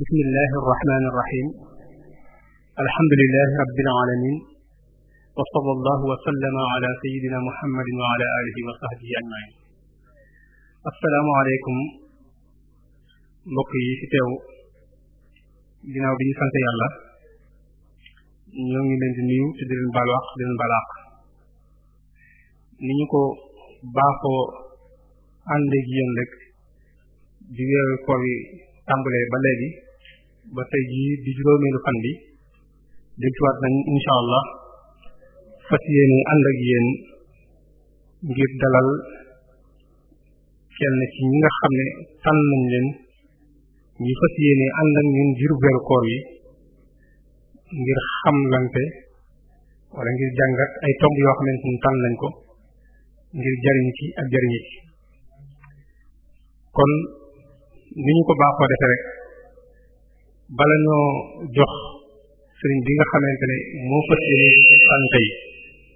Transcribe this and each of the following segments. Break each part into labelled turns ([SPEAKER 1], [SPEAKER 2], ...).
[SPEAKER 1] bismillahi arrahmani irrahim alhamdulilahi rabbil alamin wa sallallahu wa sallama ala sayidina muhammadin wa ala wa sahbihi ajmain asalaamualeykum mbokk yi fi teew ginnaaw bi ñu di nuyu te di leen balwaq ni ñu ko baaxoo ànd di weeru koor yi tàmbalee ba tey jii di juróomeelu fan bi dégtuwaat nañ incha allah fas yéene ànd ak yéen ngir dalal kenn ci ñi nga xam ne tànn nañ leen ñu fas yéene ànd ak ñun jiru weeru koor yi ngir xamlante wala ngir jàngat ay tomb yoo xamante ni tànn nañ ko ngir jariñ ci ak jariñ ci kon ni ñu ko baaxoo defee rek bala ñoo jox sëriñ bi nga xamante ne moo fas yéene sant yi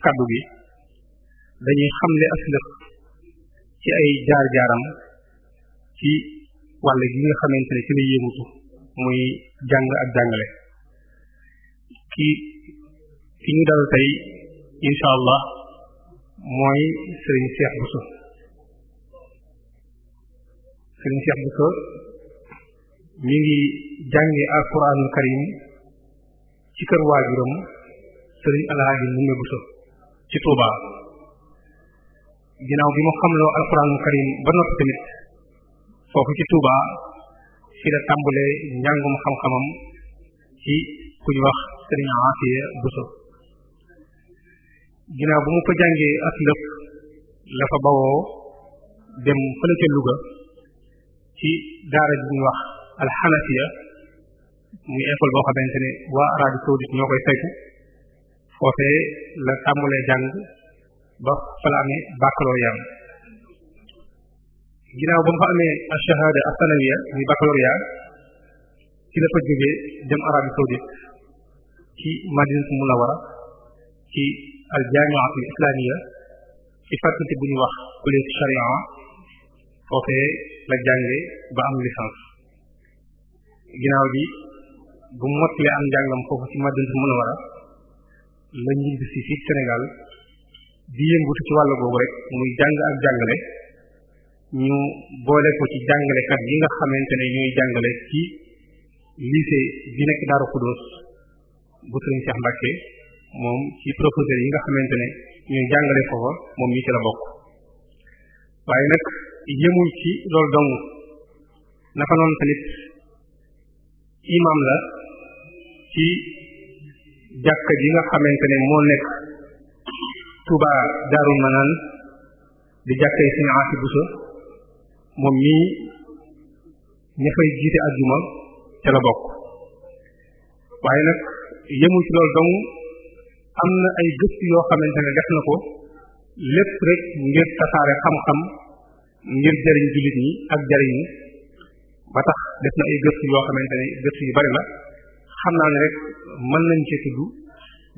[SPEAKER 1] kaddu gi dañuy xamle aslëf ci ay jaar-jaaram ci wàll gi nga xamante ne ci la yëmutu muy jàng ak jàngale ki ki ñu dal tey incha allah mooy sëriñ Cheikh Bousso sëriñ Cheikh Bousso mi ngi jànge alquranul karim ci kër waajuram sëriñ alaaji Ndumbe Buso ci Touba ginnaaw bi mu xamloo alquranul karim ba noppi tamit foofu ci Touba fi la tàmbalee njàngum xam-xamam ci ku ñu wax sëriñ Aafiya Buso ginnaaw bu mu fa jàngee ak lëpp la dem fële ca Louga ci daara ji wax alxanafiya muy école boo xamante ni waa Arabie saoudite ñoo koy saytu foofee la tàmbalee jàng ba fa la amee baccalauréat ginnaaw ba fa amee ashahada asanawiya muy baccalauréat ci la fa jógee dem Arabie saoudite ci madinatu munawara ci aljamiatul islamiya ci faculté bu ñu wax collège charia foofee la jànge ba am licence ginnaaw bi bu mottile am njàngam foofu ci Madinatul Munawwara la ñibbi si fii Sénégal di yëngutu ci wàll googu rek muy jàng ak jàngale ñu boole ko ci jàngalekat yi nga xamante ne ñooy jàngale ci lycée bi nekk Daaru Xudóos bu Sëriñ Cheikh Mbacke moom ci professeur yi nga xamante ne ñooy jàngale foofa moom mi ci la bokk waaye nag yëmul ci loolu dong naka noonu imam la ci jàkka ji nga xamante ne moo nekk Touba Darou Manaan di jàkkay Sëriñ Asi Buso moom mii ña fay jiite ajjuma ca la bokk waaye nag yemu ci loolu dong am na ay gëstu yoo xamante ne def na ko lépp rek ngir tasaare xam-xam ngir jariñ jullit ñi ak jariñ ba tax def na ay gëstu yoo xamante ne gëstu yu bari la xam naa ne rek mën nañ ci tudd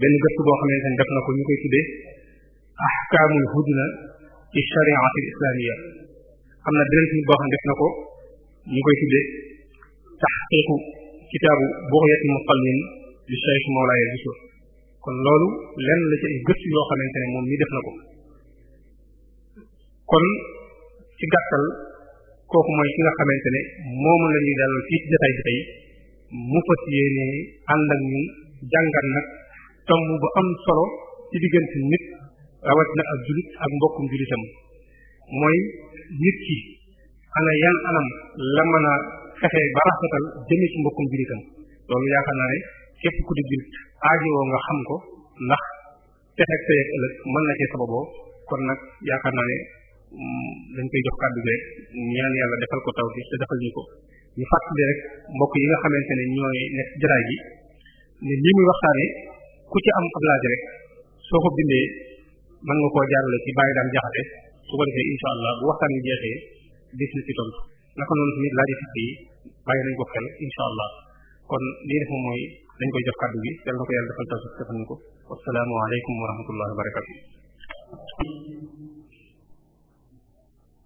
[SPEAKER 1] benn gëstu boo xamante na ko ñu koy tuddee ahkaamul hudna ci na beneen tudd boo xam ne def na ko ñu koy tuddee taxqiqu kitaabu buxyati musallin li cheikh mawlaaya kon loolu lenn la ci ay gëstu yoo xamante ne moom mi def na ko kon ci gàttal kooku mooy ki nga xamante ne moom la ñuy dalal fii ci jotaay bi tey mu fas yéene ànd ak ñun jàngat nag tomb bu am solo ci diggante nit rawatina ak julit ak mbokkum julitam mooy nit ki ana mën a fexe ba rafetal jëmee ci loolu yaakaar naa ne képp ku di julit aajowoo nga xam ko ndax texeg sayeg ëllëg mën na cee sababoo kon nag yaakaar naa ne Mm, dañ koy jox kàddu gi rek ñaan yàlla defal ko taw bi te defal ñu ko ñu fàttali rek mbokk yi nga xamante ne ñooy nekk jaraay bi ne lii muy waxtaane ku ci am ab laaj rek soo ko bindee mën nga koo jaarale ci bàyyi daan jaxate su ko defee incha allah bu waxtaan bi jeexee des na ci tontu naka noonu tamit laaj yi fii bàyyi nañ ko xel incha allah kon lii def moom dañ koy jox kàddu gi yàlla na ko defal taw defal ñu ko wasalaamualeykum wa rahmatullahi wa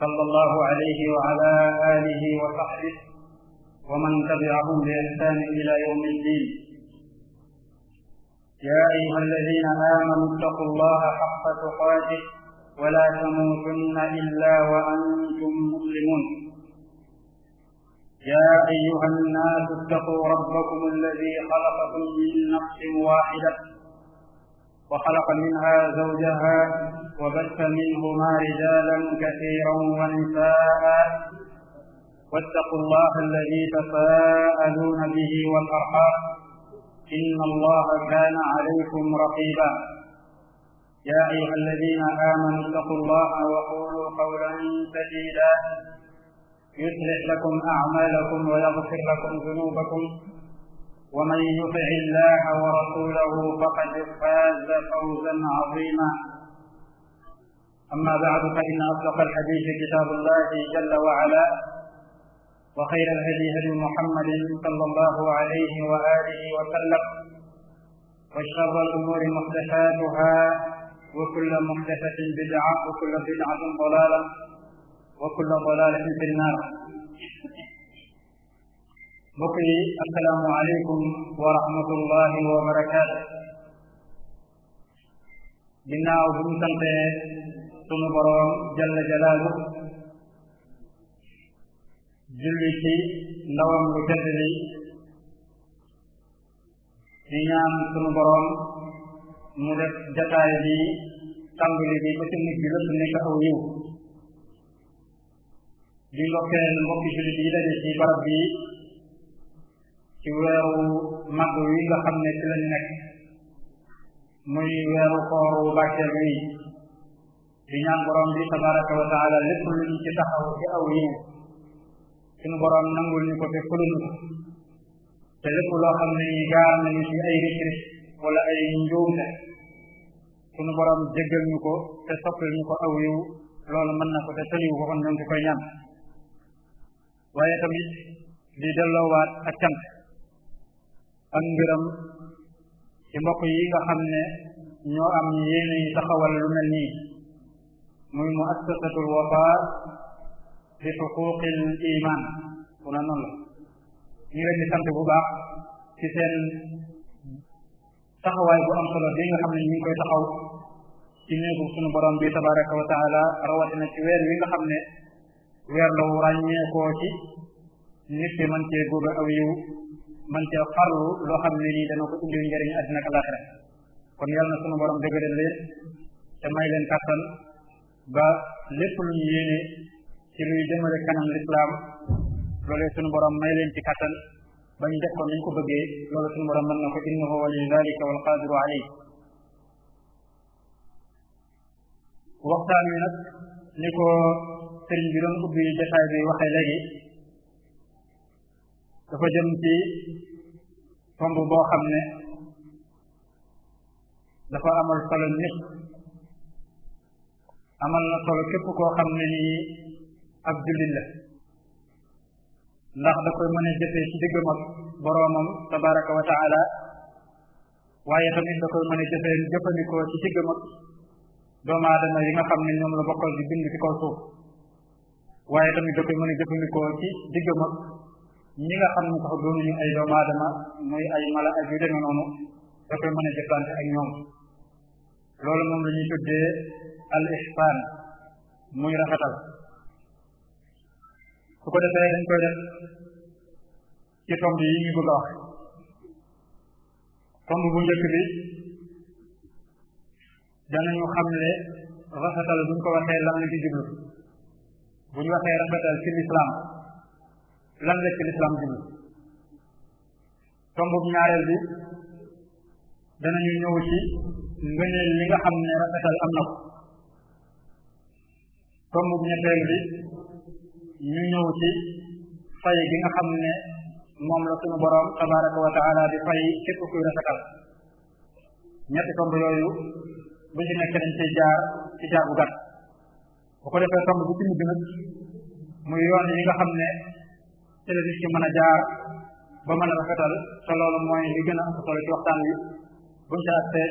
[SPEAKER 1] sallallahu alayhi wa ala alihi wa sahbihi wa man tabi'ahum bi ihsanin ila yawmi ddin ya ayyuha alladhina amanu ittaqullaha haqqa tuqatih wa la tamutunna illa wa antum muslimun يا أيها الناس اتقوا ربكم الذي خلقكم من نفس واحدة وخلق منها زوجها وبث منهما رجالا كثيرا ونساء واتقوا الله الذي تساءلون به والأرحام إن الله كان عليكم رقيبا يا أيها الذين آمنوا اتقوا الله وقولوا قولا سديدا يصلح لكم أعمالكم ويغفر لكم ذنوبكم ومن يطع الله ورسوله فقد فاز فوزا عظيما أما بعد فإن أصدق الحديث كتاب الله جل وعلا وخير الهدي هدي محمد صلى الله عليه وآله وسلم وشر الأمور محدثاتها وكل محدثة بدعة وكل بدعة ضلالة وكل ضلالة في النار mbokk yi asalaamu aleykum wa rahmatullahi wa barakaatu ginnaaw bu ñu santee sunu boroom jalla jalaalu julli ci ndawam lu tedd li di ñaan sunu boroom mu def jataay bi tàmbali bi ba ci mujj lépp nekk aw yiw di ndokkeel mbokki jullit yi daje ci barab bi ci weeru mag wi nga xam ne ci lañ nekk muy weeru koor wu bàcceel wi ñaan borom bi tabaraka wa taala lépp lu ñu ci taxaw ci aw yiw nangul ñu ko te fulul ko te lépp loo xam ne gaar nañu ci ay ricris wala ay njuumte suñu borom jéggal ñu ko te soppil ñu ko aw yiw loolu na ko te tëliw ko kon ñu ngi ñaan waaye tamit di delloowaat ak cant ak mbiram yi nga xam ne ñoo am yéene yi taxawal lu mel nii muy mu assasatul wafa bi xuquqil iman ku na noonu la ñu leen di bu baax ci seen taxawaay bu am solo bi nga xam ne ñu ngi koy taxaw ci néegu sunu borom bi tabaraka wa taala rawatina ci weer wi nga xam ne weer la wu ràññeekoo ci nit ki mën cee man cee farlu loo xam ne dana ko indil njëriñ àddina ak alaxira kon yàlla na sunu borom dëgëral leen te may leen ba lépp lu ñu yéene ci luy jëmale kanam lislaam loolee sunu borom may ci kàttan ba ñu def ko bëggee loolu sunu borom mën na ko innahu waliyu dalika wal qadiru alayh waxtaan wi nag ni ko sëriñ bi doon ubbi jotaay bi waxee léegi dafa jëm ci tomb boo xam ne dafa amal solo ñëpp amal na solo képp koo xam ne nii ab ndax da koy mën a jëfee ci diggam ak boroomam tabaraka wa taala waaye tamit da koy mën a jëfee jëfandikoo ci diggam doomu aadama yi xam ne ñoom la bokkal di bind ci kaw suuf tamit da koy mën a jëfandikoo ci diggam ñi nga xam ne sax doonuñu ay a jëflante ak ñoom loolu moom la ñuy tuddee al ihsaan muy rafetal su ko defee dañ koy def ci tomb yi ñu bëgg a wax tomb bu njëkk bi xam ne rafetal buñ ko waxee lan la ci jublu buñ waxee rafetal ci lislaam lan la ci lislaam jublu tombub ñaareel bi danañu ñëw ci ngëneel li nga xam ne rafetal am na ko tombub ñetteel bi ñu ñëw ci fay gi nga xam ne moom la suñu boroom tabaraka wa di fay képp kuy rafetal ñetti tomb yooyu bu ci nekk dañ ciy jaar ci jaar bu gàtt bu ko defee tomb bu ci mujj muy yoon yi nga xam ne te la a jaar ba a rafetal te loolu mooy li gën a am solo ci waxtaan wi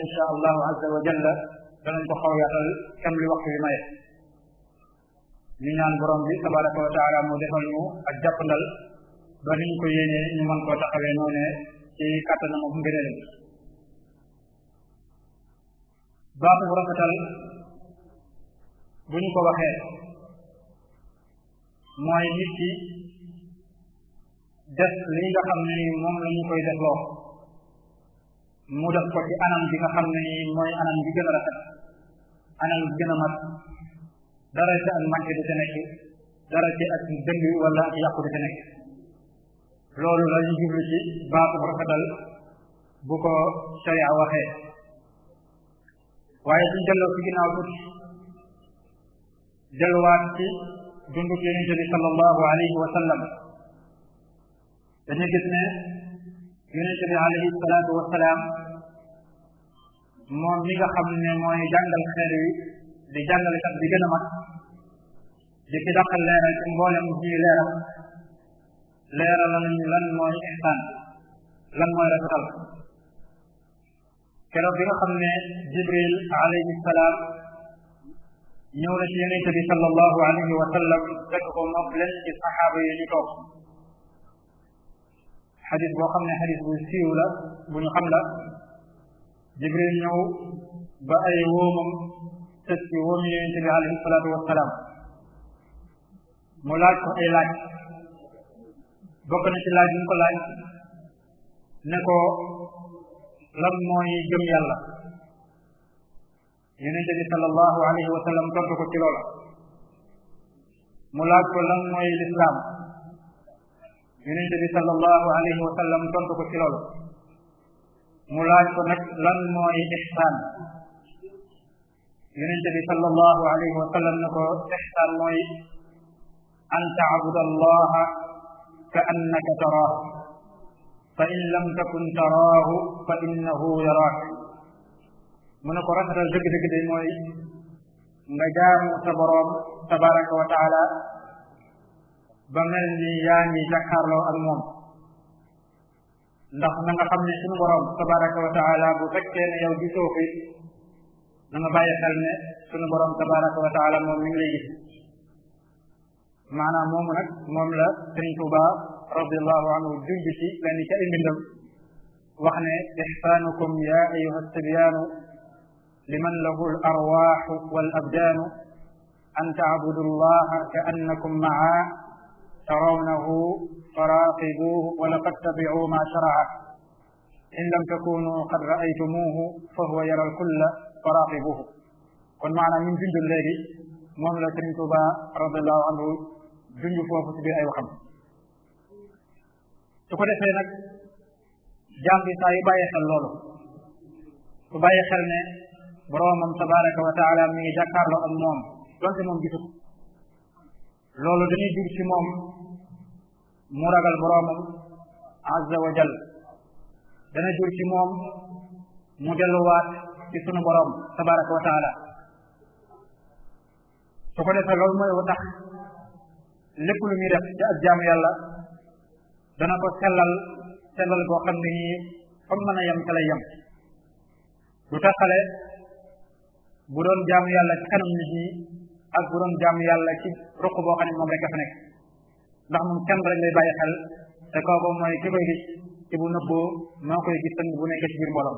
[SPEAKER 1] insha allahu azza wa jalla danañ ko xaw yaatal waxtu bi maye ñu borom bi tabaraka wa taala mu defal ñu ak jàppandal ba ko yéenee ñu ne ci kàttanam ak ngëneelam baatu bu rafetal bu ñu ko waxee mooy nit ki def li nga xam ne moom la ñu koy defloo mu def ko anam bi nga xam ne mooy anam bi gën anam bi gën a mat dara ci ak manqué ak dëng wala ak yàqu du ca nekk loolu la ñu jublu ci baatu rafetal bu ko sharia waxee waaye suñ delloo ci ginnaaw tuuti delluwaat ci dunduk yonente bi sallallahu alayhi wa dañu gis ne yonente bi alayhi salaatu wasalaam ne mooy jàngal xeer yi di jàngalekat bi gën a mag di ci dàqal leeral ci mboolem ñuy leeral leeral nañu lan mooy ihsaan lan mooy rafetal keroog ne jibril alayhi salaam wa sallam fekk ko moom leen ci saxaaba yi ñu toog xadis boo xam ne xadis bu siiw bu ñu xam jibril ñëw ba ay wóomam sës ci wóomu yonente bi alayhi salaatu wassalaam mu laaj ko ay laaj bokk na laaj bi mu ko laaj ne ko lan mooy gëm yàlla yonente bi sallallahu alayhi wa sallam tontu ko ci mu laaj lan mooy lislaam yonente bi sallallahu alayhi wa sallam tontu ko ci loolu mu laaj ko nag lan mooy ixsaan yonente bi sallallahu alayhi wa sallam ne ko ixsaan mooy an taabuda allaha ka annaka taraahu fa in lam takun taraahu fa innahu yaraak mu ne ko rafetal dëgg-dëgg day mooy nga jaamu sa boroom tabaraka wa taala ba mel ni yaa ngi jàkkaarloo ak moom ndax na nga xam ne suñu borom tabaraka wa taala bu fekkee ne yow gisoo fi na nga bàyyi xel ne suñu borom tabaraka wa taala moom mi ngi lay gis maanaam moomu nag moom la Sëriñ Tuuba radiallahu anhu junj ci lenn ca imbindam wax ne ixsaanukum ya ayuha sibyaanu liman lahu al arwaaxu wal abdaanu an taabudu llaha ka annakum maa ترونه فراقبوه ولقد تبعوا ما شرعه إن لم تكونوا قد رأيتموه فهو يرى الكل faraqibuhu kon maanaam ñun junjul léegi moom la Sëriñ Tuuba radiallahu anhu junj foofu ci biir ay waxam su ko defee nag jaam bi saa yu bàyyee xel loolu su bàyyee xel ne boroomam tabaraka wa taala mi ngi jàkkaarloo ak moom donte moom gisu ko loolu dañuy jur ci moom mu ragal boroomam azza wa jal dana jur ci moom mu delluwaat ci sunu boroom tabaraka wa taala su ko defee loolu mooy tax lépp lu ñuy def yàlla dana ko sellal sellal boo xam ne nii comme mën a yem ca lay yem du taxale bu doon jaamu yàlla ci kanam nit ñi ak bu doon jaamu yàlla ci ruq boo xam fa nekk ndax moom kenn rek lay bàyyi xel te kooku mooy ki koy gis ci bu nëbboo moo koy gis tamit bu nekk ci biir mbooloom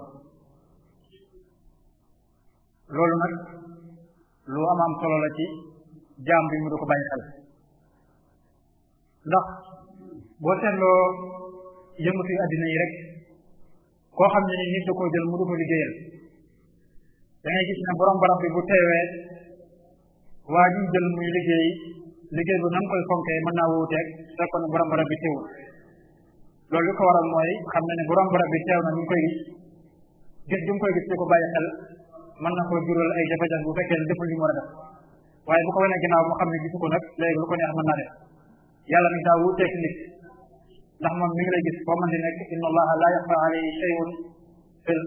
[SPEAKER 1] loolu nag lu am am solo la ci jaam mu du ko bàyyi xel ndax boo seetloo yëngatu yu àddina yi rek koo xam ne ni nit da koo mu du ko liggéeyal da ngay gis ne borom barab bi bu teewee waa ji jël muy liggéey liggéey bi nam koy fonkee mën naa wuuteeg fekkoon borom barab bi loolu li ko waral mooy xam na ne borom barab bi na ñu koy gis gis gi gis ko bàyyi xel mën na ko ay jafe-jafe bu fekkee ne deful li mu war a waaye bu ko wanee ginnaaw mu xam ne gisu ko nag léegi lu ko neex mën naa def yàlla nag daa wuuteeg nit moom mi ngi lay gis foo mën di nekk inna allaha la yaxfa alayhi shay'un fi l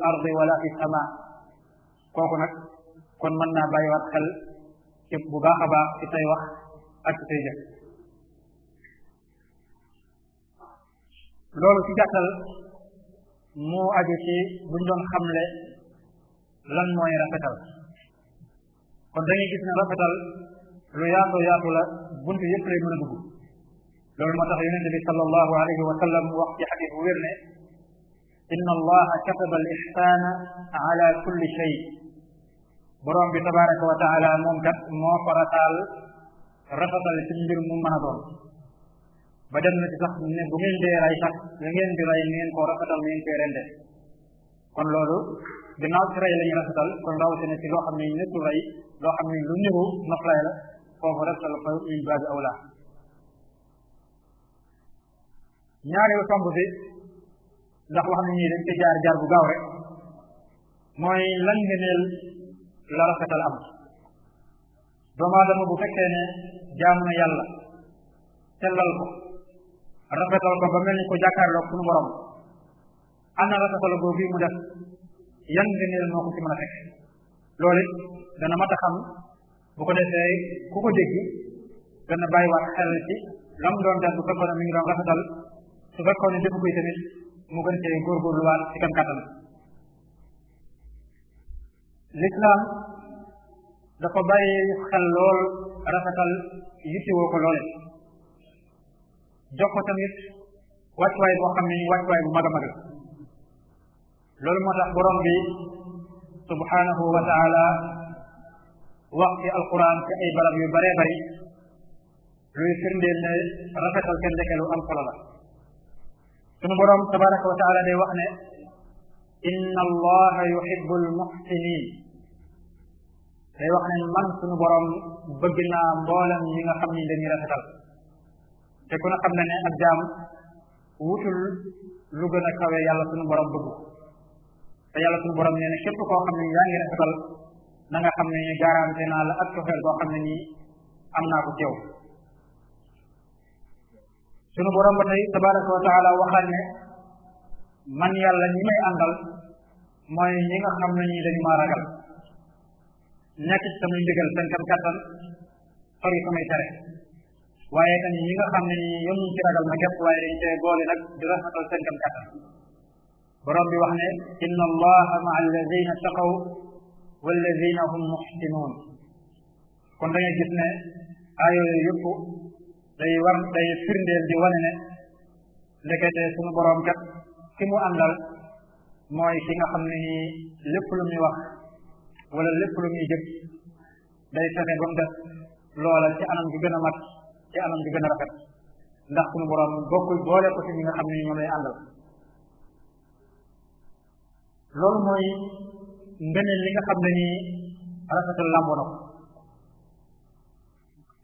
[SPEAKER 1] kon mën naa bàyyiwaat xel ci bu baax a baax ci lool say jëf loolu ci aju ci buñ xamle lan mooy rafetal kon dañuy gis ne rafetal lu yaatu yaatu la bunt yëpp lay mën a dugg loolu moo tax yonente bi alayhi wa sallam wax ci ne inna allaha kataba al ixsaana ala kulli shay borom bi tabaraka wa taala moo farataal rafetal ci mbir mu mën a doon ba dem na ci sax ne bu ngeen dee ray sax da ngeen di ray ngeen koo rafetal ngeen koy rende kon loolu ginnaaw ci ray la ñu rafetal kon rawatina ci loo xam ne nettu ray loo xam ne lu niru noflaay la foofu rafetal fa min baabi awla ñaareelu tomb bi ndax wax nañu dañ ci jaar jaar bu gaaw rek mooy lan ngëneel la rafetal am doomu aadama bu fekkee ne jaam na yàlla sellal ko rafetal ko ba mel ni ko jàkkaarloog suñu borom ana rafetal googu mu def yan ngëneel moo ko ci mën a fekk loolu it dana mat a xam bu ko defee ku ko dégg dana bàyyiwaat xel ci lam doon def bu fekkoon ne mi ngi doon rafetal su fekkoon ne defu koy tamit mu gën cee góorgóorluwaat ci kan kattan l'islam dafa bàyyi xel lool rafetal yittewoo ko loole jox ko tamit wàccuwaay boo xam ne ni wàccuwaay bu mag a mag loolu moo tax borom bi subhanahu wa taala wax ci alquran ci ay barab yu baree bari luy firndeel ne rafetal kenn ndeke lu am solo la sunu borom tabaraka wa taala day wax ne inna allaha yuhibbu almuhsinin day wax ne man suñu borom bëgg naa mboolem ñi nga xam ni dañuy rafetal te ku ne xam ne ak jaam wutul lu gën a kawe yàlla suñu borom ba tey tabaraka wa taala ne man yàlla ñi may àndal mooy ñi nga xam ne nii dañu maa ragal nekk ci samay ndigal seen kam kattan sori samay tere waaye kan ñi nga xam ne ñi yemuñ ci ragal ma képp waaye dañ cee boole nag di rafetal seen kam kattan borom bi wax ne inna allaha maa alladina taqaw walladina hum muxsinuun kon da ngay gis ne aaya yooyu yëpp day war day firndeel di wane ne ndekete suñu borom kat ki mu àndal mooy ki nga xam ne nii lépp lu muy wax wala lépp lu muy jëf day fexe ba mu def loola ci anam gi gën a mat ci anam gi gën ndax suñu borom bokkul boole ko ci ñi nga xam ne ñoom lay àndal loolu mooy ngëneel li nga xam ne nii rafetal làmb na ko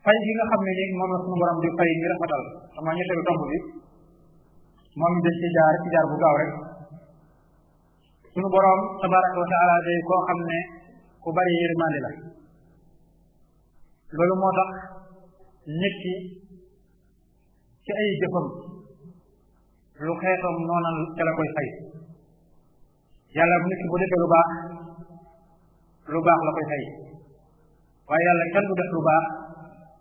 [SPEAKER 1] fay gi nga xam ne nii moom la suñu borom di fay ñi rafetal sama xam ne ku bari yërmande loolu moo tax nit ki ci ay lu xeetam noonal ca la koy fay yàlla bu nit ki la koy fay waaye yàlla kenn du def lu baax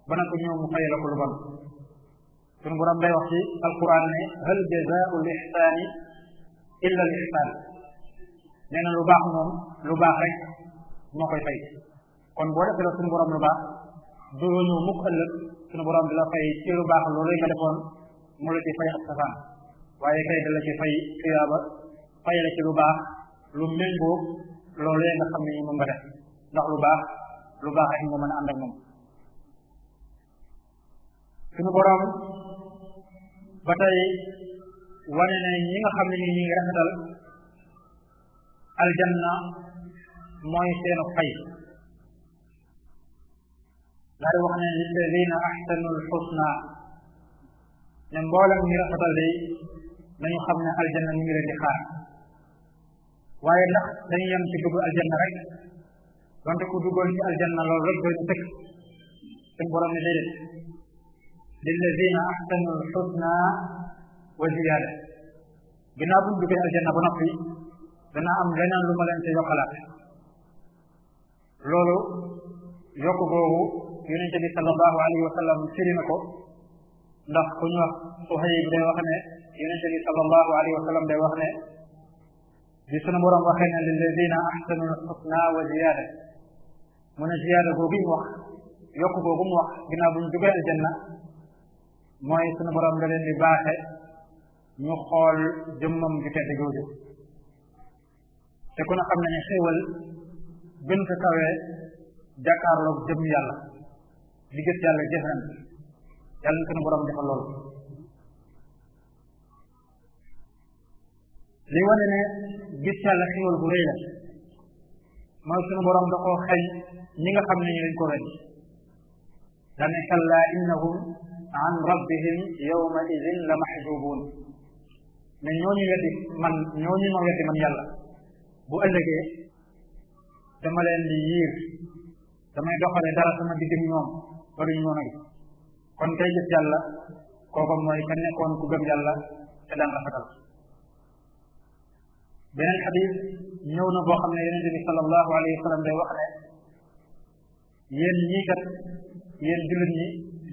[SPEAKER 1] ba na ko ñëw mu fay la ko lu day wax ci alquran ne hal jazaau l ixsaani illa l ixsaan nee na rek moo koy fay kon boo defee la suñu borom lu baax doo ñëw mukk fay ci lu baax loolu nga defoon mu la ci fay ab safaan waaye kay da la fay tuyaaba lu baax lu méngoo loolu nga xam ne nga def ndax lu baax lu baax nga mën a nga xam ni ñi ngi aljanna mooy seenu fay daal di wax ne lilladina axsanu lxusna ne mboolem ñi rafetal day nañu xam ne aljanna mi ngi leen di xaar yem ci aljanna rek donte ku duggoon aljanna loolu rek doy tëkk suñu borom ne déedéet lilladina aljanna ba noppi danaa am leneen lu ma leen ci yokkalaat loolu yokk boobu yonente bi sallallahu alayhi wa sallam firi na ko ndax ku ñu ne yonente sallallahu alayhi wa sallam ne bi sunu borom waxee ne ne ziyaada boobu mu wax yokk boobu di baaxe te ku ne xam ne ne xéewal gën ko kawee jàkkaarloog jëm yàlla li gis yàlla jëfeen yàlla na ko borom defal loolu li wane ne gis yàlla xéwal bu rëy la mooy sunu borom da koo xëy ñi nga xam ne ñu dañ ko wen dane kalla innahum an rabbihim yawma idin la mahjubun mais ñooñu weddi man ñooñu ma weddi man yàlla bu ëllëgee dama leen di yiir damay doxale dara sama digg ñoom waruñu mën a gis kon tey gis yàlla kooku mooy ka nekkoon ku gëm yàlla te daan rafetal beneen xadis ñëw na boo xam ne yonente bi sallallahu alayhi wa day wax ne yéen ñii kat yéen jullit ñi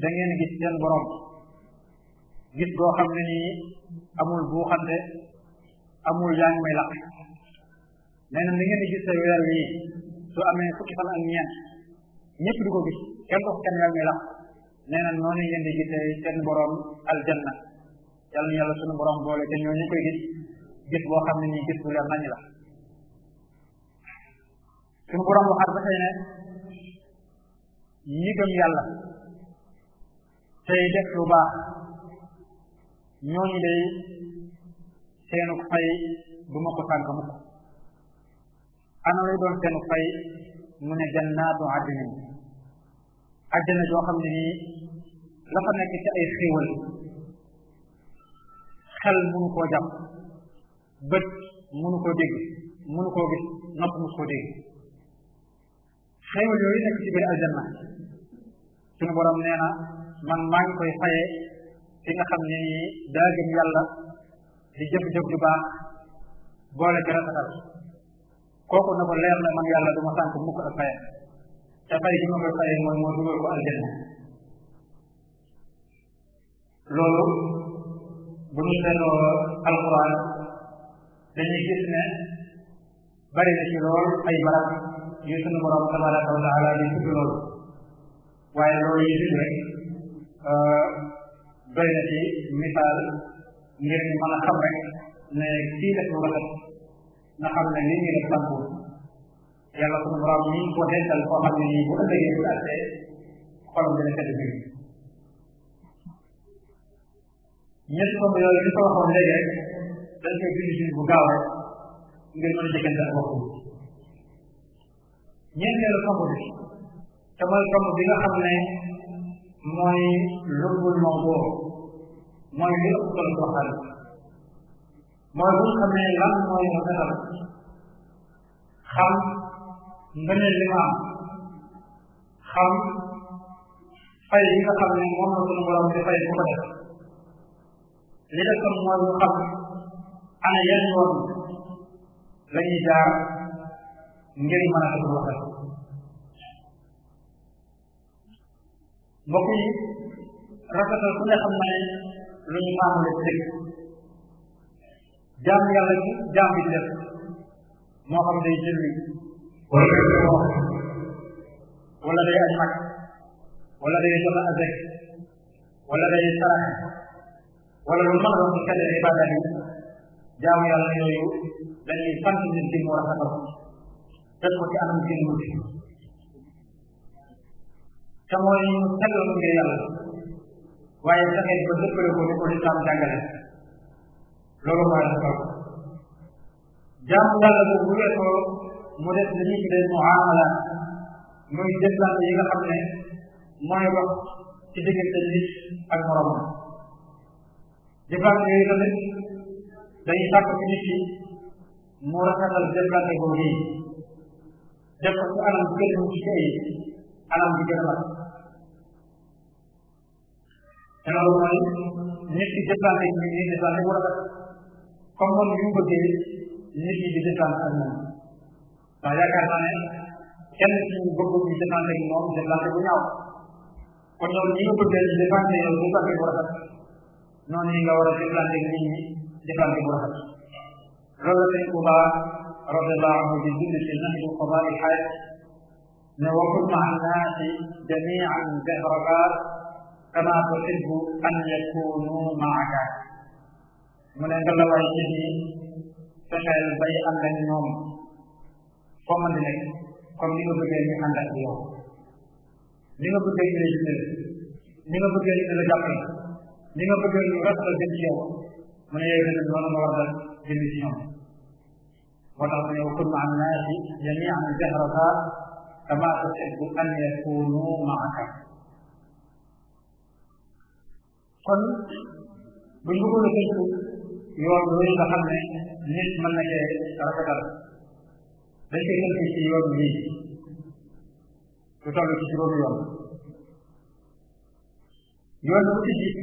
[SPEAKER 1] da ngeen gis seen gis boo ne nii amul buuxante amul yaa ngi may laq nee na ni ngeen su amee fukki fan ak ñeent ñëpp di ko gis kenn ko kenn yàlla muy lax nee na noonu ngeen di gisee seen borom aljanna yàlla na yàlla sunu borom boole te ñoo ñu koy gis gis boo xam gis bu leer nañ la sunu borom waxaat ba tey ne ñi gëm yàlla tey def lu baax ñooñu day seenu fay du ma ko sànk mukk ana lay doon seenu fay mu ne jannaatu adnin àjjana joo xam ne nii la fa nekk ci ay xéewal xel mënu koo jàpp bët mënu koo dégg nopp mënu koo dégg xéewal yooyu nekk ci biir aljanna suñu borom nee na man maa ngi koy faye ci nga xam ne nii daa gëm yàlla di jëf-jëf ju baax boole ci kooku na ko leer na man yàlla duma sànk mukk ak fayam te fay gi ma koy fayee mooy moo dugal ko aljanna loolu bu gis ne bari na lool ay barab yu sunu borom tabaraka wa taala di tudd loolu waaye loolu yi tudd rek euh, doy na ci misaal a xam ne kii def lu rafet nga xam ne li ñu def sampul yàlla sunu borom mi ngi ko dencal koo xam ne nii bu ëllëgee bu àttee xolam dina sedd bi ñett tomb yooyu li ko waxoon léegi rek dañ koy bind ci bu gaaw rek ngir mën a jëkkante ak bopp ñeenteelu tomb bi te mooy tomb bi nga xam ne mooy lumbul mawdoo mooy li ëpp solo waxtaan mooy bu ñu xamee lan mooy rafetal xam ngëneel li ma xam fay yi nga xam ne moom la suñu borom di fay bu ko def li def kon mooy ñu xam ana yan yoon la ñuy jaar ngir mën a def lu rafet mbokk yi rafetal ku ne xam na ne lu ñu maamu la ci dëkk jaam yàlla ci jaam bi def moo xam day jëlli wala day wax wala day aj mag wala day joxe azek wala day sarax wala lu mën a doon ci kenn ibaada yi jaam yàlla yooyu dañuy sant nit ki mu war a xatal teg ko ci anam seen wuti te mooy sellal ngir yàlla waaye fexe ba dëppale ko ni ko lislaam jàngale loolu mooy alxem jaamu yàlla boobu bu weesoo mu def li ñuy tuddee muamala muy jëflante yi nga xam ne mooy wax ci diggante nit ak moromam jëflante yooyu tamit dañuy sàkk ci nit ki mu rafetal jëflante boobu yi def ko ci anam gën mu ci ay anam bi gën la te loolu mooy nit ki jëflante yi nit ki jëflante bu rafet xam-xam bi mu bëggee di détente ak moom ndax yaakaar naa ne kenn ci ñu bëgg ñu détente ak moom détente bu ñaaw kon yow ñi nga bëggee di détente yow détente bu rafet noonu ñi nga war a détente ak nit ñi détente bu rafet loolu la sëñ Touba radiallahu anhu di bind ci Nahju Qadaa'il Haaj ne wa kun ma'a naasi jamii'an zahraban kama tuhibbu mu ne nga la waay ci yi fexeel bay ànd ak ñoom foo mën di nekk comme ni nga bëggee ñu ànd ak yow ni nga bëggee ñu lay ni nga bëggee ñu la jàppee ni nga bëggee ñu rafetal jëm ci yow mu ne yooyu nag noonu nga war a jëm ci ñoom moo tax mu ne wa kun maa naasi jamian jahrata kama tuxibu an yakunu maaka kon buñ bëggoon a tënku yoon yooyu nga xam ne nit mën na cee rafetal dañ koy tënk ci yoon yi lu toll ci juróomi yoon yoon bu ci ci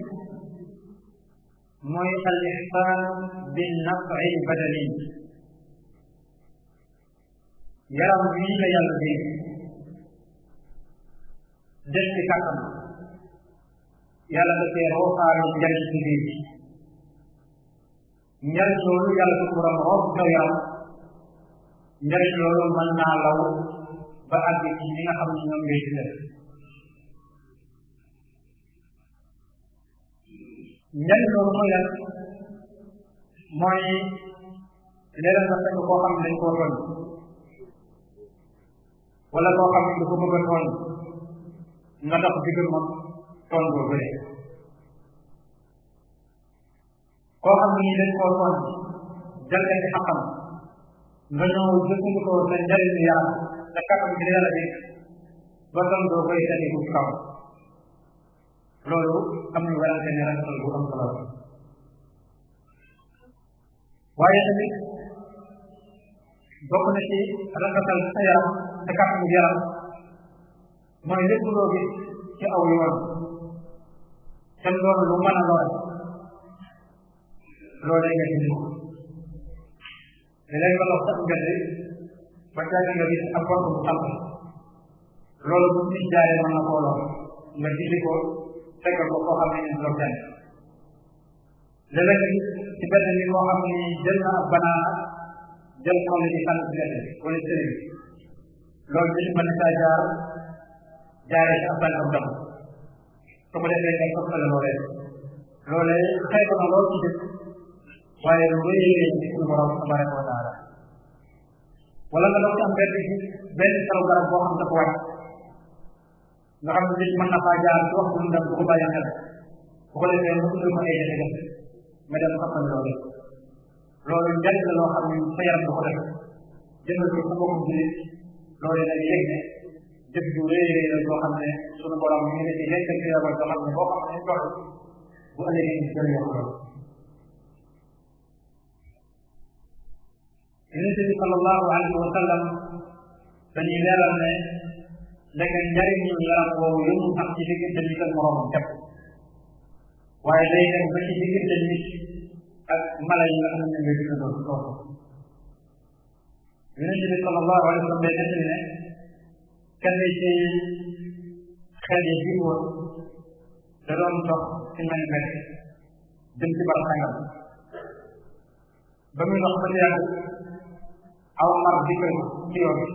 [SPEAKER 1] mooy al ixsaan bi nafi badani yaram wii la yàlla bi def ci kàttan yàlla da cee rooxaale njariñ ci biir njariñ loolu yàlla suñu borom roos ko loolu mën naa law ba àgg ci ñi nga xam ne ñoom loolu mooy lan mooy léeg nga fekk koo xam ne dañ koo tooñ wala koo xam ne du ko bëgg a tooñ nga tax digg moom tooñ boo koo xam ne dañ koo sonn jël ay xaqam nga ñëw jëfandikoo sa njëriñu yaram te kàttan bi yàlla loolu am na werante ne rafetal solo waaye tamit bokk na ci rafetal sa yaram te kàttan bi yaram mooy lépp loo gis ci loolu lu a lor loolu lay nekk nii léeg-léeg nga doon sax gerte ba caag nga gis ab bor bu xam loolu bu ñu jaayee mën na koo lor nga gisi ko fekkal ko koo xam ne ñu doon dem léeg-léeg ci benn bi koo xam ne jël na ab banaana jël xaw ma ci sànni ci gerte wala sëriñ loolu dañu mën a saa jaar jaaree ci ab banaana dam su ko defee day toppale loolee loolee xayma na lool ci dëkk waaye lu rëy rëy ci suñu borom tabaraka wa taala wala nga doon am benn benn saw garab boo xam dafa wàcc nga xam ne nit mën na faa jaar ci waxtu ndam bu ko bàyyi xel bu ko defee mu indil ko ay jafe-jafe nga dem xamal loolu loolu njëriñ la loo xam ne sa yaram du ko def jëndal ko sa bopp julit loolu day yëg ne jëf ju rëy rëy la loo xam ne suñu borom mi ngi ne ci yekkal ci yabal nga xam ne boo xam ne toll bu ëllëgee ñu jël yokk loolu yonente bi sallallahu alayhi wa sallam ne ndeke njariñu yaram boobu yëmul sax ci diggante nit ak moroomam képp day dem ba ci diggante nit ak mala yi ne ngay dina doon toog yonente bi sallallahu alayhi wa sallam day nettali ne kenn ci xel yi jiwoon da doon dox ci mel mel jëm ci aw mar di ko ci yoon bi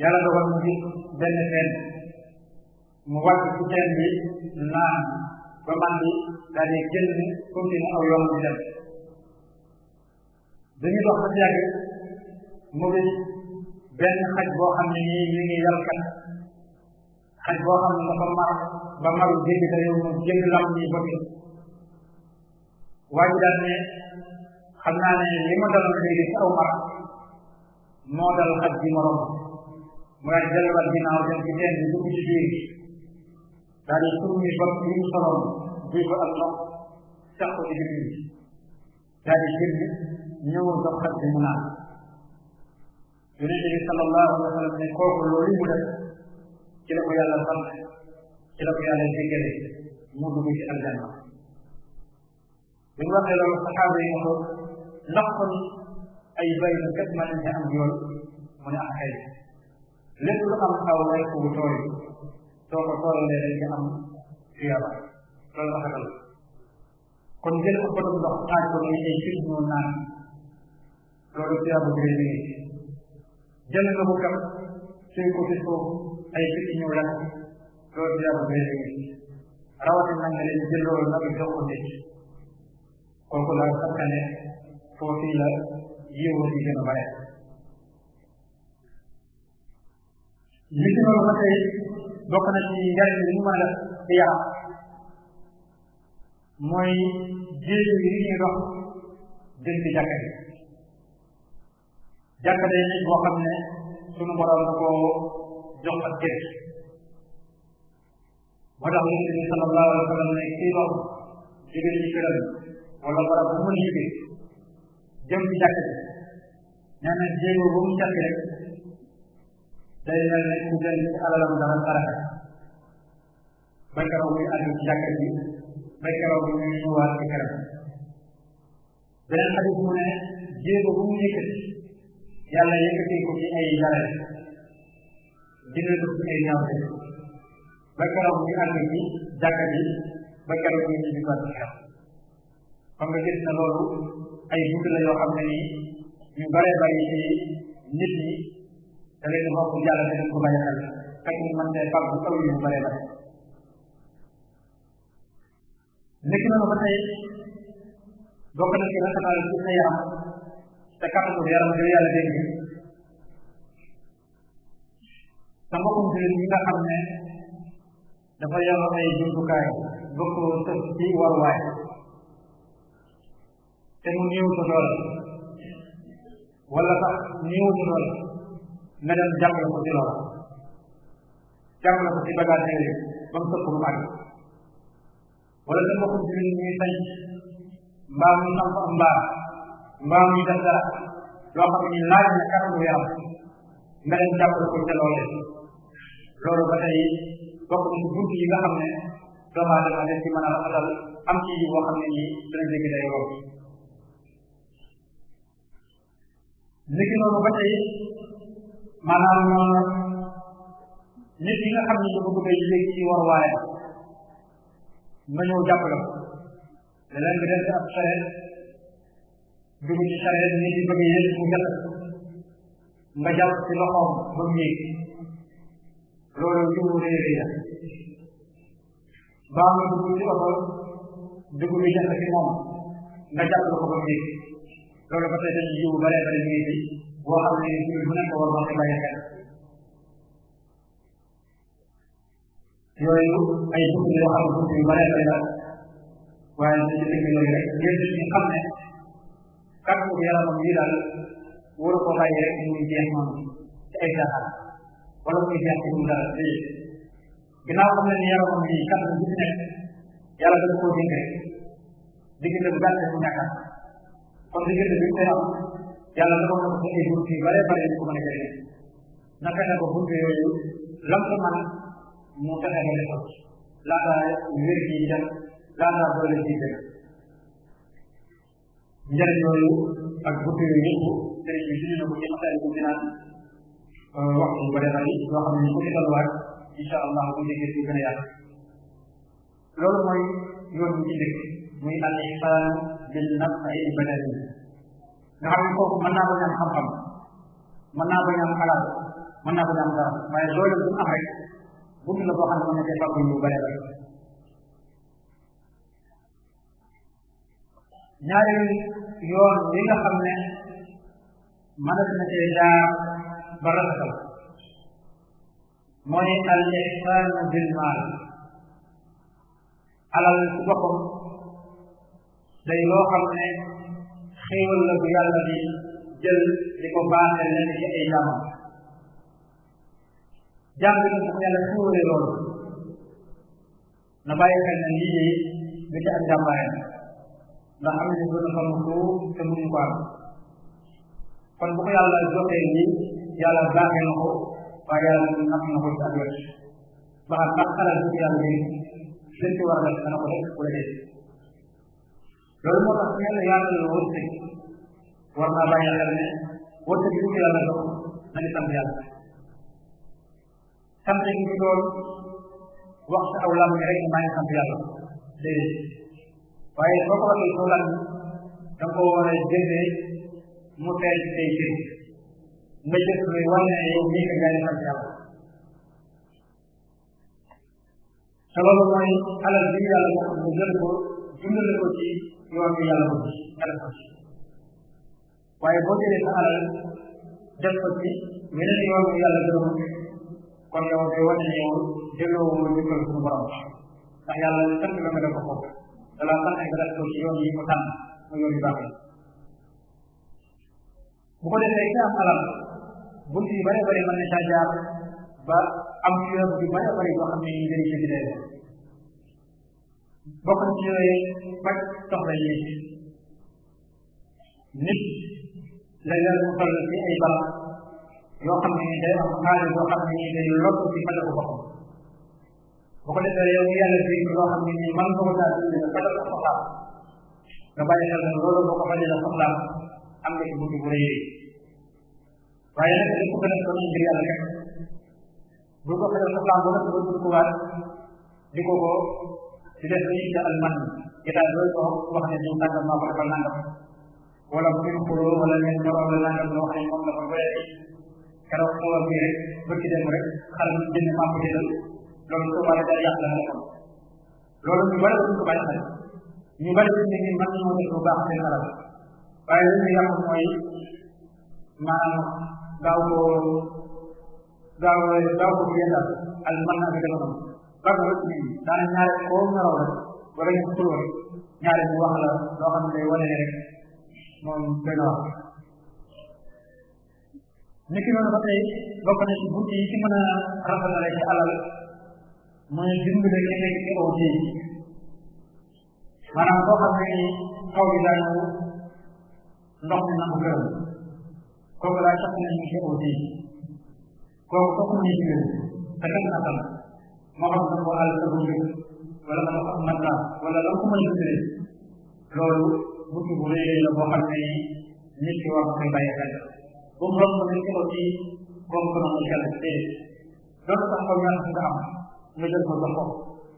[SPEAKER 1] yàlla dogal mu ci benn teen mu wàcc ci teen bi di génn comme ni aw yoon bi dem dañu dox ba yàgg mu gis benn xaj boo xam ne nii ñu ngi yalkat xaj boo xam ne dafa mar mu jënd lam ni bëgg waa ji daal ne xam naa ne li ma daloon léegi ci aw mara moo dal xaj bi ma romb mu daal di delluwaat ginnaaw dem ci teen bi dugg ci biir daal di summi bopp yi mu di génn ñëw dox xaj bi mu naan yonent sallallahu alayhi sallam ne kooku loolu mu def ci la ko yàlla sant mu dugg ci aljanna bi mu waxee loolu saxaaba yi ne ndax kon ay baykat mën nañu am yoon mu ne ah kay lépp lu am aw lay ko bu tooy soo ko tooralee rek nga am tuyaaba loolu la kon jël ko borom ndox xaaj ko muy ay kii ñoo naan loolu bu rëy jël nga bu kam suñ ko ci suuf ay kii ñëw lan loolu tuyaaba bu rëy rawatina nga leen jël ko nit kooku laa xam foofu la yéewoo di gën a bare li ci loolu ba tey bokk na ci njariñ li ñu mën yi ñuy dox jëm yi jàkka day nekk boo xam ne sunu borom da koo jox jëm ci ji nee na jéego ba mu jàkk rek ne ku gën ci alalam daan saraka ba keroog ji ba keroog muy ñëwaat ci kanam beneen mu ne jéego bu mu yëkkati yàlla yëkkati ko ci ay jarale dina ko ci ay ñaawte ba keroog muy àgg ci ji ba keroog muy ñibbiwaat ci kanam xam nga na loolu ay bunt la yoo xam ne nii ñu bare bari ci nit ñi da leen bokk yàlla da leen ko bàyyi xel fekk ñu mën see fàggu taw yu bare bari nekk na ba tey bokk na ci rafetal ci sa yaram te kattanu yaram bi yàlla dégg sa mbokkum jullit ñi nga xam ne dafa yor ay jumtukaay bokkoo sëf te mu néew sa doole wala sax néew sa doole na dem jàppale ko ci loola jàppale ko ci bagage yooyu ba mu sëpp mu àgg wala dem bokkum ci li ñuy sañ mbaa muy samp am mbaa mbaa muy def dara loo xam ne laaj na kanamu yaram nga dem jàppale ko ca loole loolu ba tey bokk na ci bunt yi nga xam ne doomu aadama dañ ci mën a rafetal léegi noonu ba tey maanaam nit yi nga xam ne dafa bëgg a yéeg ci war waaye nga ñëw jàppale ko da leen di def ab charette dugg ci charette nit yi bëgg yéeg mu jàpp nga jàpp ci loxoom ba mu yéeg loolu jiwu réer yi la baa nga dugg ci oto dugg bi jàpp ci moom nga jàppale ko ba mu yéeg loolu ba tey dañuy jiw ba léegi dañuy ji boo xam ne jiw bu nekk war na ko bàyyi xel yooyu ay dugub yoo xam ne dugub yu bare bare la waaye dañu nekk yooyu rek yéen ñu xam ne kàddu bu yaramam yi daal waru ko bàyyi rek muy jeex noonu ci ay caaxaan wala muy jeex ci dara déedéet ginnaaw xam ne ni yaramam yi kàddu bu nekk yàlla dafa ko dégg rek diggante bu gàtt mu ñàkk kon diggante bi koy am yàlla dafa ko ko ay buntu yu bare bare ko mën a jëriñ na fexe ko buntu yooyu lam ko man mu fexe ba defal laata wér gi dem laata doole gi dem njëriñ yooyu ak buntu yooyu yëpp sëriñ bi dindi na ko ci masaay ko dinaan waxtu bu bare bari loo xam ne ñu ko ci dalwaat incha allah bu déggee si gën a yàgg loolu mooy yoon bu ci dëkk muy al ihsaan bil naf'i badani nga xam ne kooku mën naa bañ am xam-xam mën naa bañ am alal mën bu na cee fàggu yu bare xam ne mënat na jaar ba rafetal mooy al ihsaanu bil maal alal ci boppam day xam ne xéewal la bu yàlla di jël di ko baaxe lenn ci ay jaamam jàng na bu ko yàlla xéewale loolu na bàyyi xel ne lii yéey du ci ak jàmbaare ndax am nañu gën a xam ko te ko am kon bu ko yàlla joxee nii yàlla baaxee na ko waaye yàlla natt na ko ci ak wet ba xam ndax xalaat bu ko yàlla yéey seen ci war a def dana ko def loolu moo tax yàlla yaatal la wërsëg war naa bàyyi xel ne wërsëg bi ko yàlla dox nañu sant yàlla sant gi ci loolu wax sa aw lam rek maa ngi sant yàlla déedéet waaye soo ko waxee soo lan da ko war a jëfee mu teel ci say jëf nga jëf luy wane ne yow mii nga ngi sant yàlla te loolu mooy alal bi yàlla moo xam mu jël ko dundale ko ci yoon bi yàlla bëgg nga def ko ci waaye boo jëlee sa alal def ko ci yeneen yoon bi yàlla gën a bëgg kon yow day wane ne yow delloo nga njëkkal suñu borom ndax yàlla li sant la nga def ko foofu ko ci yoon yi mu tànn mu yoon yu baax bu ko defee ci am alal bunt bare bare mën na caa jaar ba am yu bëri bëri boo bokk na ci yooyu faj soxla yi nit léeg-léeg mu toll ci ay baax yoo xam ne ni day am xaalis boo xam ne ni day lott ci fajal ko boo ko defee yow yàlla fi loo xam ne ni man ko daal di ne fajal ko soxlaam nga bàyyi xel ne loolu boo ko fajal soxlaam am na ci buntu bu rëy waaye nag li ko gën a sonal ngir yàlla rek bu ko fajal soxlaam ba nga ko ko waat di ko ko di def li ñuy defal man ñu daal doon ko wax ne ñu tàggat maa ko defal nangam wala bu ñu xuloo wala leen ñor wala nangam loo xam ne moom la ko doyee keroog xuloo bi rek ba ci dem rek xar bi jënd maa ko jëndal loolu su bari day yàq la nga xam loolu ñu bari duñ ko bàyyi xel ñu bari duñ ne man ñoo def lu baax seen alal waaye li ñu yàq mooy maanaam gaaw ko gaaw gaaw ko yendal al man ak defaram bag rek nit ñi daana ñaare koo naraw rek wala ngeen xuloo rek ñaare ñu wax la loo xam ne day wane rek moom benn wax niki noonu ba tey bokk na ci bunt yi ci mën a rafetale ci alal mooy dimbale ki nekk ci aw tii maanaam boo xam ne ni taw bi daa ñëw ndox mi nangu gërëm kooku laa sax ne ñu ci aw tii kooku kooku ñu ci gërëm te kenn na moo xam ne ko àll sa dund wala nga xam man naa wala la ko mën a tuddee loolu buntu bu rëy la boo xam ne nit ki war koy bàyyi xel bu mu doon mën a ci comme que mu xel te doon sax ko ñaan nga am nga jël ko dox ko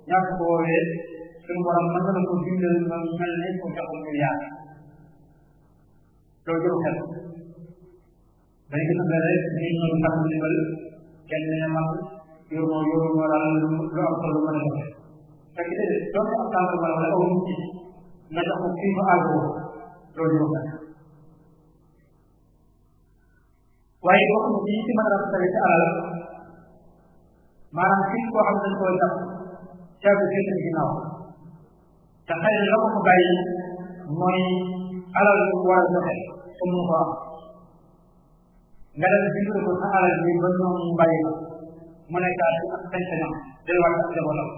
[SPEAKER 1] ñaan ko woowee suñu borom mën na ko bindal ma mel ne ko jox ko yaar loolu jël xel dañ gis ne rek ni ñu tax ndimbal kenn ne mag yow moom yow moo daal lu am solo lu mën a def fekk de doon am tàmbali wala wala aw nit na tax fii fa àggoo loolu yow nag waaye boo xam ne ci mën a rafetale ci alal maanaam fii koo xam ne koo jàpp caabi féete ginnaaw te xëy na la ko fa bàyyi mooy alal bu war a joxe comme mu ko am nga dem bindu ko sa alal bi ba ñoom mu bàyyi ko mën a jaar ak sañ-sañam delluwaat ak njabootam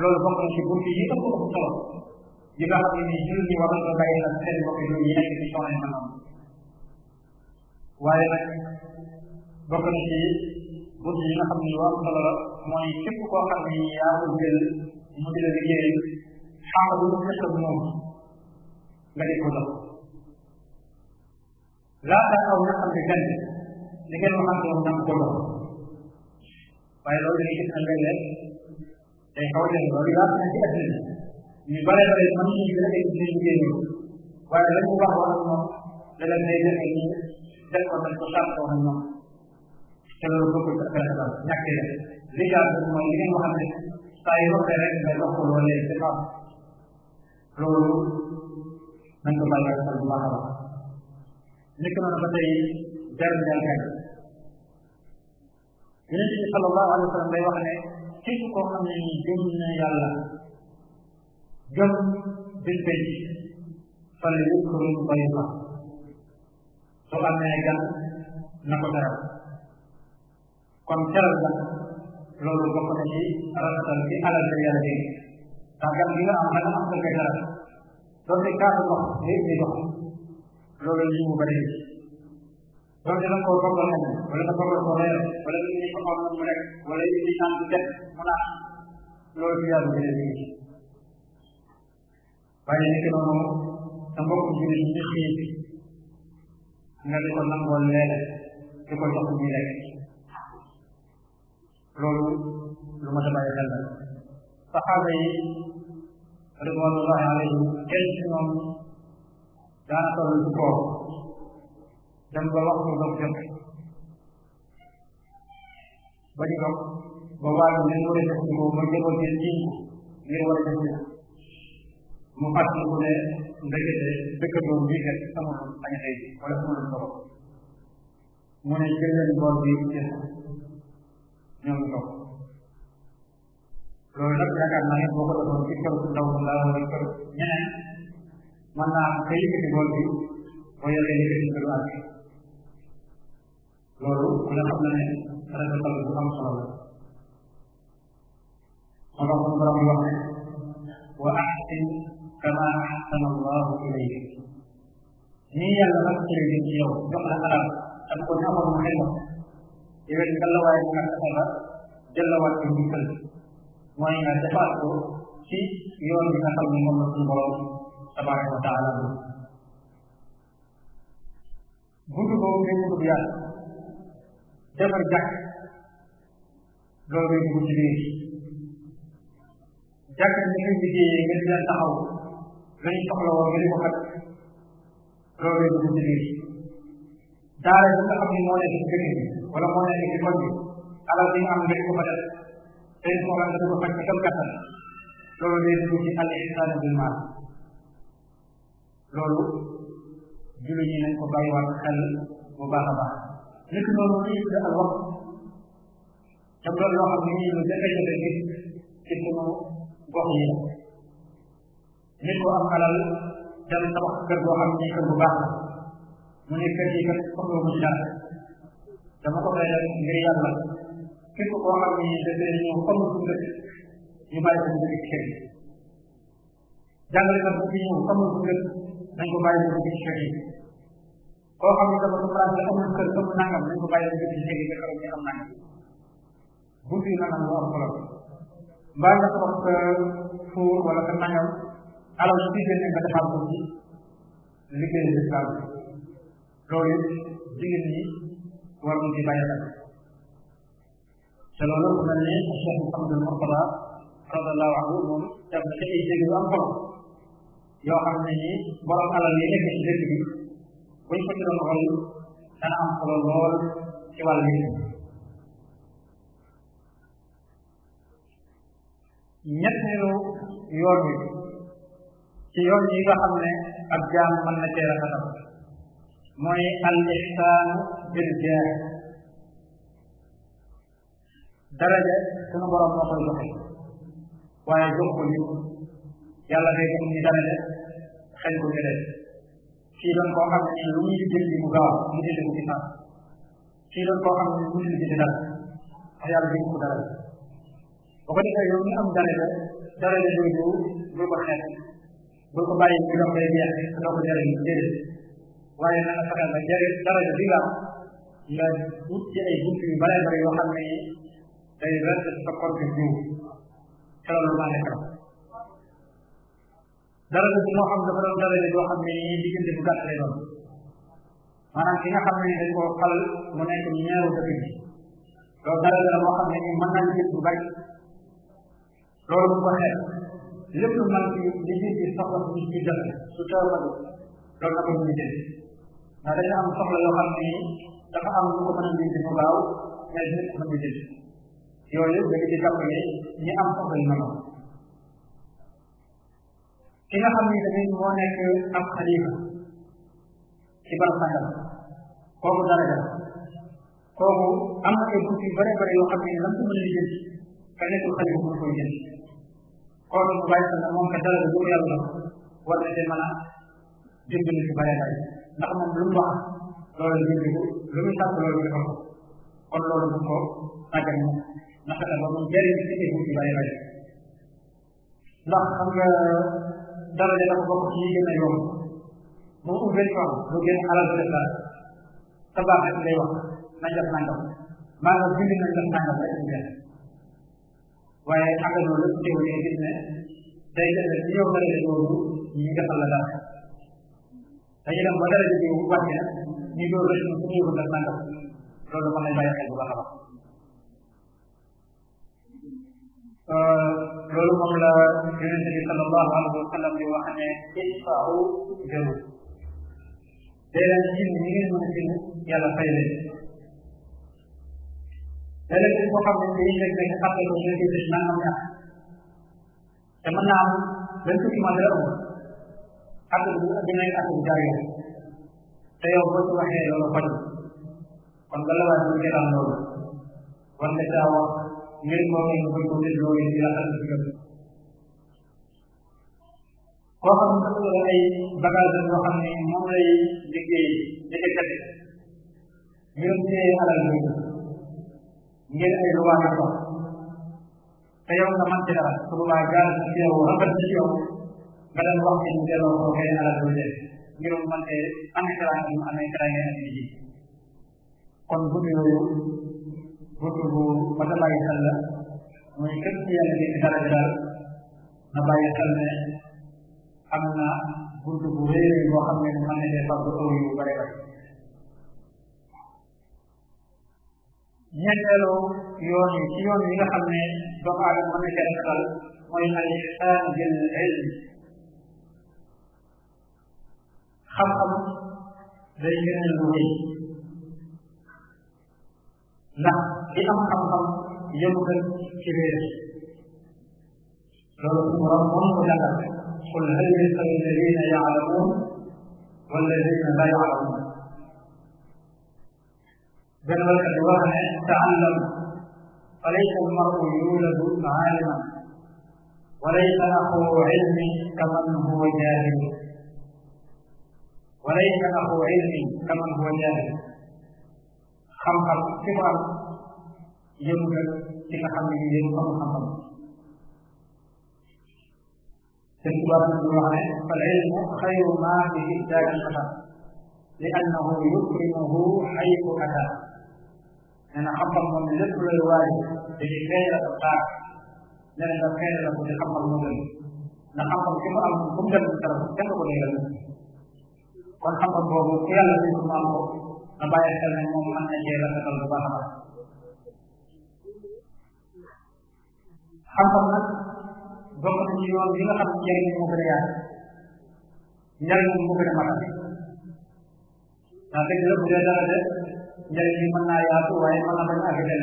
[SPEAKER 1] loolu bokk na ci bunt yi ëpp ëpp solo yi nga xam ne nii jullit ñi war nañ ko bàyyi ak seen mbokk yi ñu nekk ci soxna maanaam waaye nag bokk na ci bunt yi nga xam ne waa solo la mooy képp koo xam ne yaa ko jël mu di la liggéey xaaral lu fekk ak moom nga di ko dox laata aw ñaxam bi gan li ngeen waxante woon nag ko dox waaye loolu dañuy gis ne léeg-léeg day xaw a jënd loolu daal dina ci at ñu bare bare am ñu gën a gis ñu génn waaye lañ ko wax wax moom da leen day def ñu def ko ko sàmm ko ñoom te loolu bokkul ak affaire ñàkkee li jaar mooy li ngeen waxante saa yu waxee rek nga wax ko loolu léegi c'est pas loolu nañ ko bàyyi ak bu baax a baax nekk na ba tey jar njàngkat yonente bi sallallahu alayhi wa sallam day wax ne képp koo xam ne ni gëm na yàlla gëm bis bi fale wu ko lu bay fa soo amee gan na ko teral kon teral gan loolu bokk na ci rafetal bi alal bi yàlla dégg ndax gan bi nga am xanaa am nga koy teral doonte kaatu ndox léegi dox loolu li mu bëri loolu dina ko bokk leen wala dafa war ko reer wala dañu ne ko xool mu rek wala ñu di sant def mu naan loolu ci yàlla bi leen ci waaye nekk noonu sa mbokk jullit ñi xiif nga di ko nangoo leele di ko jox ñu lekk loolu lu ma ta bàyyi xel la saxaaba yi ridwanullahi alayhim kenn ci ñoom daana toll ci koo dem ba waxtu dog jot ba ñu dog ba waa ji leen war a def ci moom ba jëloon seen jiñ ngir war a def ci mu fàttali ko ne ndekete dëkkandoo bi kat sama doon bañ a bi wala sama doon toog mu ne jël leen boor bi ci ñoom toog loolu nag yaakaar naa ne boo ko defoon ci kër ndaw la wala kër ñeneen mën naa nga yëkkati boor bi boo yoree yëkkati kër loolu ku ne xam na ne rafetal bu am solo la sama ko borom wax ne wa ahsin kama ahsana allahu ilayk nii yàlla dafa tere bi ci yow jox la alal ak ko ñamal mu xel yow it kan la waaye bu nga la jëllawaat ci ndikkal mooy nga defaat ko ci yoon bi nga xam ne moom la suñu borom tabaraka wa taala buntu boobu ngay buntu yàlla defar jàkk loolu mooy dugg ci biir jàkk ni ngeen liggéeyee ngeen leen taxaw lañ soxla woon ngeen ko xat loolu mooy dugg ci biir bi nga xam ne moo nekk ci dëkk bi wala moo nekk am ngeen ko fa def seen soxla nga ko faj ci kam kattan loolu day dugg ci al ihsaan bil maal loolu julli ñi nañ ko bàyyiwaat xel bu baax nekk noonu la ñuy tuddee al waqf tam loolu loo xam ne nii lu jafe-jafe gis ci sunu gox yi la nit ku am alal dem tabax kër goo xam ne kër bu baax la mu ne kër yi kat soxla mu ci dara dama ko may def ngir yàlla képp koo xam ne dafay ñëw comme su dëkk ñu bàyyi ko mu dëkk kër yi jàngale ko bu fi ñëw comme su dëkk nañ ko bàyyi mu dëkk kër yi koo xam ne dafa ko France amul kër amul nangam nañ ko bàyyi la jënd léegi nga xam ne am nangam bunt yi nangam moo am solo mbaa nga toog sa fuur wala sa nangam alal su ci génne nga defal ko ci liggéey l'islam loolu it jigéen ñi war mu ci bàyyi xel te loolu ku mel ne Cheikh Mouhamadou Mourtada radallahu anhu moom def na ci am solo yoo ne ni borom alal yi nekk ci dëkk bi buñ ko ci doon roy dana am solo lool ci wàll bi ñetteelu yoon wi ci yoon yi nga xam ne ab jaam mën na cee rafetal mooy al ihsaanu bil jaar daraja sunu borom moo koy joxe waaye jox ko nit yàlla day jox ni daraja xëy ko ci kii doon koo xam ne lu muy liggéey li mu gaaw mu jëlee ko ci sax kii doon koo xam ne mu liggéey ci dara wax yàlla bi ko dara ba ko defee yow ñu am dara la dara la jooju bul ko xeet bul ko bàyyi bi doon koy jeex doo ko jëriñ déedéet waaye na nga fexe ba jëriñ dara la bi nga nga wut ci ay bunt yu bare bare yoo xam ne day rëdd sa compte jiw te loolu maa nekk dara la bu moo xam dafa doon dara boo xam ne nii diggante bu gàtt lay doon maanaam ki nga xam ne dañ koo xal mu nekk ñeeru dëkk bi loolu dara la moo xam ne nii mën naa jël bu bari loolu bu ko xeet lépp lu mën ci li nit ñi soxla ci ci dëkk su teew la loolu na ko ñu jël ndax dañu am soxla yoo xam ne dafa am lu ko mën a bind mu gaaw mais nit mën ñu jël yooyu yëpp dañu di jàpp ne ñi am soxla yu mel noonu ki nga xam ni tamit moo nekk ab xalifa ci barab sàngam kooku daraja la kooku am na ay bunt yu bare bare yoo xam ne lam ko mën a lijjanti ka nekkul xalifa mën ko lijjanti kooku mu bàyyi sa moom ka daraja bu ko yàlla war na te mën a dimbali ci bare bare ndax moom lu mu wax loolu jëndiku lu mu sàkk loolu defal ko kon loolu bu ko tàggat moom ndax ba moom jëriñ ci ay bunt yu bare bare ndax xam nga daraja dafa bokk ci ñi gën a yomb bu ubbee fam lu gën alal def dara sa baax rek ngay wax nañ def nangam maanaam bind nañ def nangam rek ñu def ne day def ci yow daraja boobu ñu defal la dara dañu dem ba daraja bi wàcc na ñu door rek ñu ko def nangam loolu mën nañ bàyyi xel bu loolu moom la yonent bi sallallahu alayhi wa sallam di wax ne isfa'u jaru dee leen ci ñi ngeen mën a ci yàlla fay leen léeg-léeg bi boo xam ne dañuy fekk dañu fàtte ko ñu gis naa am ñax te mën naa am benn tuuti ma dara amul ak lu dina ak lu jaar yoon te yow boo ci waxee loolu kon kon bala waa ñu loolu war nga caa wax ngir moom ñu koy ko dégloo yi dina xam si gëm koo xam ne dafa yor ay bagage yoo xam ne moom lay liggéey liggéeykat ngir téye alal bi ngir ay luwaa ko te yow nga man ci dara su boobaa jaar ci yow rafet ci yow nga dem wax ci ñu delloo ko kay alal bi def ngir mu mën te amee teraanga mu amee teraanga ak liggéey kon bu yooyu buntu bu mat a bàyyi xel la muy képp ku di dara dal na bàyyi am na buntu bu réeré boo ne mën nañu fàgg aw yu bare bare ñetteelu yoon yi ci yoon yi nga xam ne doomu aadama mën na cee xel mooy al ihsan bil ilm xam-xam day gënal ndax li am xam-xam yëngu ko ci réer loolu suñu borom moom ko jàngal qul hal yastawi alladina yaalamuun walladina la yaalamuun benn wala di wax ne taallam falaysa almaru yuladu aaliman walaysa axu ilmi kaman huwa jaahil walaysa axu ilmi kaman huwa jaahil xam-xam ci wàllu yëngu nag ci nga xam ne ñu yëngu amul xam-xam sëñ Tuubaa nag ñu wax ne fal ilmu xayru maa bi ihtaaj al-basar li annahu yukrimuhu xaytu ataa nee na xam-xam moom lépp lay waaye dañuy xeera ko baax nee na nga xeera la ko ci xam-xam moo gën ndax xam-xam ci mu am bu mu dem dara kenn ko doyal kon xam-xam boobu ku yàlla ko mu am ko na bàyyi xel ne moom mën na cee rafetal bu baax a baax xam-xam nag bokk na ci yoon yi nga xam ne njëriñ moo gën a yaatu njëriñ moo gën a matale ndax dëgg la bu dee dara de njëriñ yi mën naa yaatu waaye mën na bañ a gën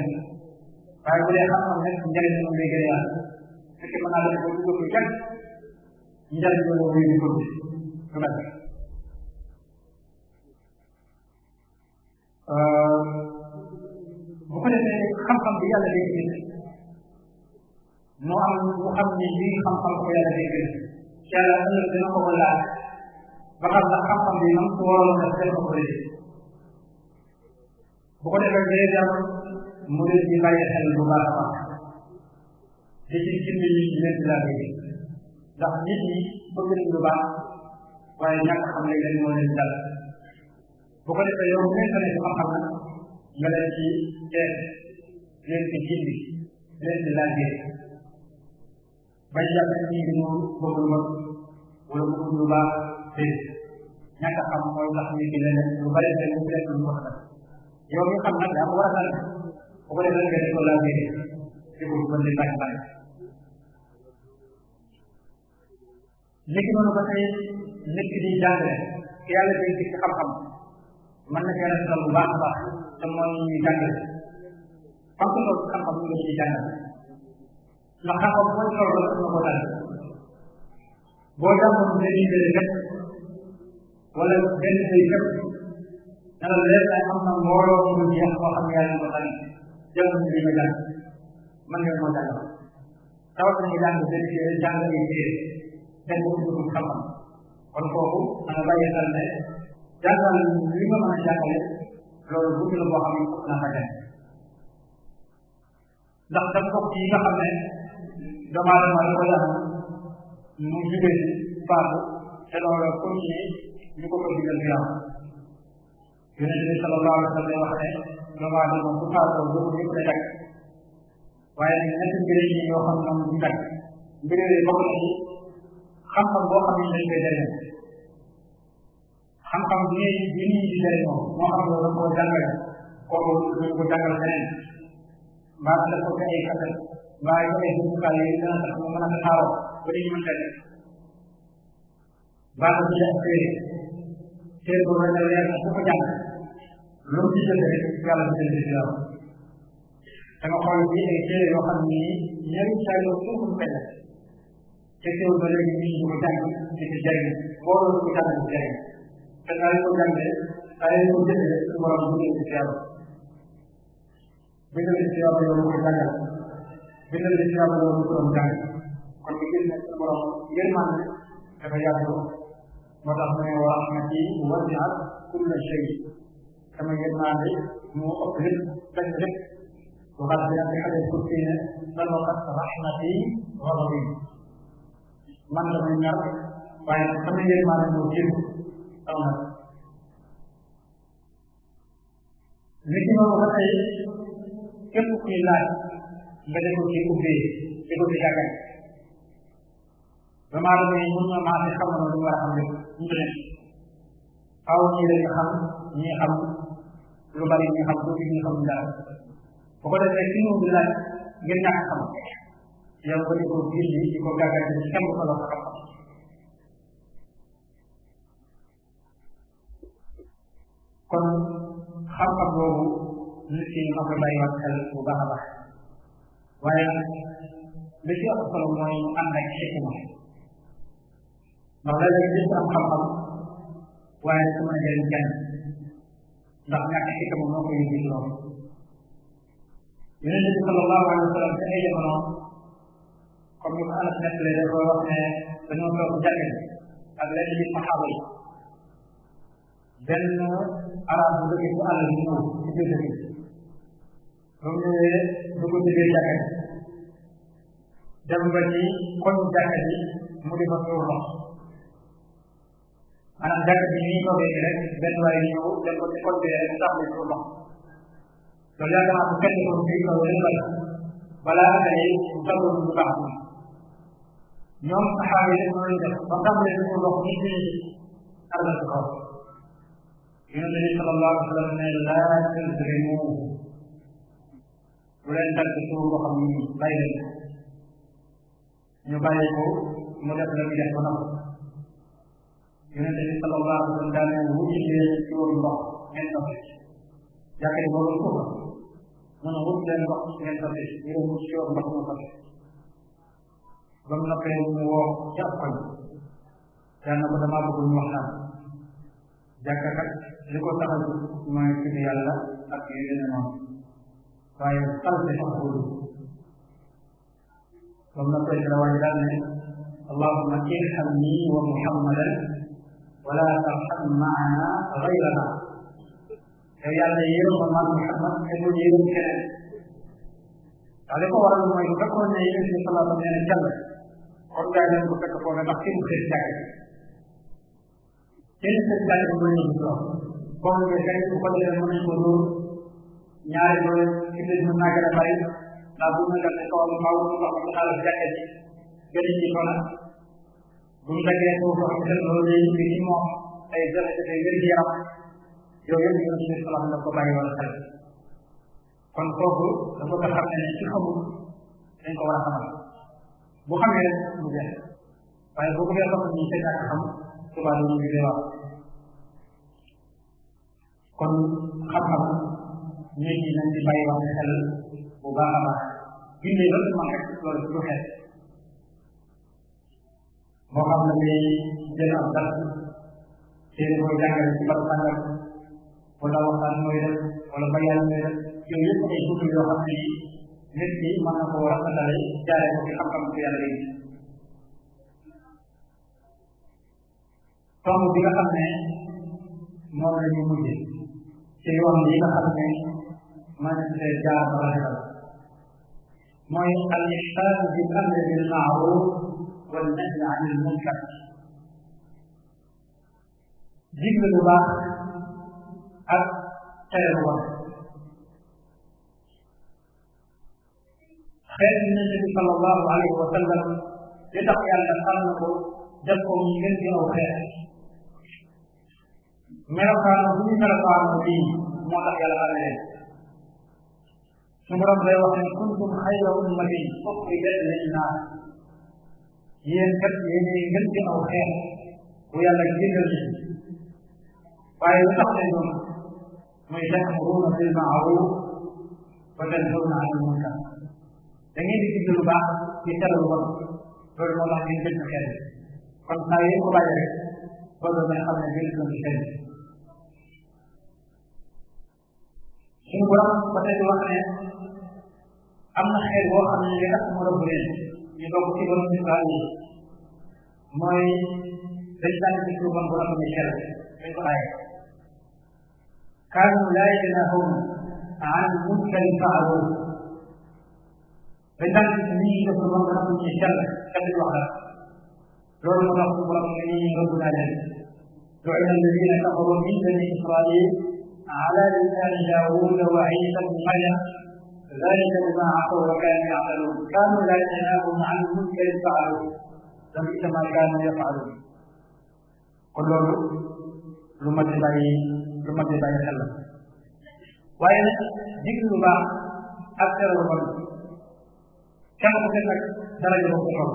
[SPEAKER 1] waaye bu dee xam-xam nag njëriñ moom day gën a yaatu fekk mën naa def ba dugg ko kenn njëriñ loolu muy dugg ko Ehm, bu ko defee xam-xam bi yàlla day bind moo am mu xam ni lii xam-xam ko yàlla day bind yàlla ëllëg dina ko laaj ba xam ndax xam-xam bi nam ko waroon a def ko dee bu ko defee day dem mu dee di bàyyi xel bu baax a baax di ci gindi leen laa ndax nit ñi bëgg nañ lu baax waaye ñàkk xam ne leen moo leen dal bu ko defee yow mi nga nekk xam-xam nag nga leen ci teel leen ci jindi leen ci laajee bañ jàpp ni ñu moom bëgg lu bon wala bëgg lu baax déet ñàkk a xam mooy tax nit ki leneen lu bari te mu fekk lu wax nag yow mi xam nag daa ko war a sant bu ko defee nga ne ko laajee di ko mën di laaj laaj léegi noonu ba tey nit ki di jàngale yàlla day ci xam-xam mën na cee rafetal bu baax a baax te mooy ñuy jàngal fàttali loolu xam-xam ñu ngi ciy jàngal ndax xam-xam boo ci toll rek nga ko dal boo jàppoon benn bële rek wala benn bële rek dana leer ay am na mbooloo mu jeex boo xam ne yaa ngi ko tali jël ñu li nga jàng mën nga ko jàng tawat nañu jàng benn jàng ay téere benn ko xam-xam kon foofu da nga bàyyi xel ne jàngal li nga mën a jàngale loolu bunt la boo xam ne foofu naa fa dem ndax dafa bokk ci yi nga xam ne doomu aadama da ko yàlla mu jugee faatu te loolu comme ni ñu ko ko digal bi yàlla yonente bi sallallahu alayhi wa sallam wax ne doomu aadama bu faatoo boobu ñëpp la teg waaye nag ñett mbir yi yoo xam ne moom du teg mbir yooyu bokk na ci xam-xam xam-xam bi ngay bi nit ñi di jëriñoo moo xam loolu koo jàngale kooku ko jàngal feneen mbaa def ko ay katal mbaa ko ay jumtukaay yooyu dana tax mu mën a taxaw ba dañu mën def mbaa ko ci def téere téere boobu la leer na ku ko jàng loolu ci jënd rek yàlla di jënd ci dara da nga xool bi ay téere yoo xam ni ñëri saa yoo suuf mu koy def te teewul ba léegi ñu ko jàng di ko jëriñ booloo ko jàng di jëriñ te saa yu ko jàngee saa yu ko jëfee su borom bu ñu ci yàlla bindal ci yàlla yow ko jàngal bindal ci yàlla yow ko borom jàng kon li ngeen nekk borom ngeen maa ne dafa yàgg moo tax mu ne waa na ci wasiat kulla shay sama ngeen maa ne moo ëpp lépp fekk lépp waxaat bi ak xale pour fii ne sabaqat rahmati ghadabi man damay ñar waaye sama ngeen maa ne moo jiitu am na li ci noonu ba tey képp kuy laaj nga def ko di ko ci jàggan dama la mun na maa fi xam na lu war a xam lépp ñu ne xaw ñii lañ xam ñii xam lu bari ñii xam tuuti ñii xam dara bu ko defee ki moom di xam yow ko di ko gindi di ko gàggan ci kenn xam xam boobu nit ki nga ko bàyyiwaat xel bu baax a baax waaye li ci ëpp solo mooy mu ànd ak xikma ndax léeg-léeg gis am xam-xam waaye su mën a jëriñ kenn ndax ñàkk xikma moo koy yóbbu ci loolu yonente bi sallallahu alayhi wa sallam ci ay jamono comme ni ko Anas nettali dafa wax ne dañoo toog jàkk ak lenn ci saxaaba yi benn arab bu dëkk bu àll bi ñëw ci biir dëkk ba mu ñëwee dem ba ci koñ jàkka ji mu di fa tuur ndox maanaam jàkka ji ni toogee rek benn waay ñëw dem ba ci koñ bi rek mu tax mu tuur ndox loolu yaakaar ko fi ko wala bala balaa ay mu tàggoon bu baax ñoom saxaaba yi dañ ba tuur ko yonent bi sallallahu alayhi wa sallam ne laa tazrimuuhu bu leen takk suuf boo xam ni bàyyi leen ñu bàyyi ko mu def la mu def ba noppi yonent bi sallallahu alayhi wa sallam daa ne wut leen suuf ndox ngeen ko fekk jàkka yi borom ko mu ne wut leen ndox ngeen ko fekk ñu wut suuf ndox mu ko fekk ba mu noppee mu woo jàpp ko daa na ko damaa bëgg ñu waxtaan jàkka kat li ko tax a jóg mooy tudd yàlla ak yu gën a noonu waaye xalte sax wóolu comme na koy dawal daal ne allahuma irhamni wa muhammadan wala tarham maana gayrana yow yàlla yéeru ma man muhammad te mu yéeru keneen waaw li ko waral mooy fekkoon ne yéen si salaatu nee na jàll kon gaa leen ko fekk foofu ndax kenn xëy jàkk kenn xëy jàkk mooy ñu boo ko defee bu ko defee mën nañu ko dóor ñaari doole ci biir mën naa gën a bari ndax bu ñu defee kawam faaw ñu wax ko xaaral jàkkee ci gën ci fa nag bu ñu daggee foofu xam ne loolu day indi ci moom ay jafe-jafe wér gi yaram yow yëpp yow suñu salaam la ko bàyyi wala xel kon kooku dafa ko xam ne ci xamul dañ ko war a xamal bu xamee rek mu jeex waaye boo ko fee xam ne ñu ca ñàkk xam tubaab yi ñu ngi wax kon xam-xam nit ñi nañ ci bàyyi wax xel xam ne ngay jël ab dara téere booy jàngale ci barab sàngam wala waxtaan mooy def wala bayaan mooy def yooyu ki mën na ko rafetale ne moom la ci yoon yi nga xam ne maanaam te jaar ba la mooy al ihsaan bi amri bil maaruf wal nahy an al munkar digle lu baax ak tere lu bon xeet yonent bi sallallahu alayhi wa sallam li tax yàlla xam na ko def ko mu ngeen di aw xeet melokaanu bu ñu melokaanoo bii moo tax yàlla xam leen suñu borom day wax ne kuntum xayra ummatin uxrijat linnaas yéen kat yéenay ngeen ci aw xeet bu yàlla jégal leen waaye lu tax lay doon muy ta'muruuna bil ma'ruuf wa tanhawna anil munkar da ngeen di digg lu baax di tere lu bon loolu moo tax ngeen gën a xeet kon saa yéen ko bàyyi rek loolu mooy xam ne ngeen gën a xeet suñu borom ba tey wax ne am na xeet boo xam ne li tax mu rëbb leen ñu bokk ci borom ci baal yi mooy dañ tànn ci suufam borom ni xel dañ ko aaye kaanu laa yanahum an munkari faalu dañ tànn ci nit ñi def borom borom ni xel xel di wax loolu moo tax borom ni ñu rëbb naa leen du'ina alladina kafaru min bani israil على لسان داوود وعيسى بن مريم ذلك بما عصوا وكانوا يعملون كانوا لا يتناهون عن المنكر فعلوه لبئس ما كانوا يفعلون kon loolu lu mat di bàyyi lu mat di bàyyi xel la waaye nag digle lu baax ak tere lu bon kenn ku nekk nag dara ñu ko toll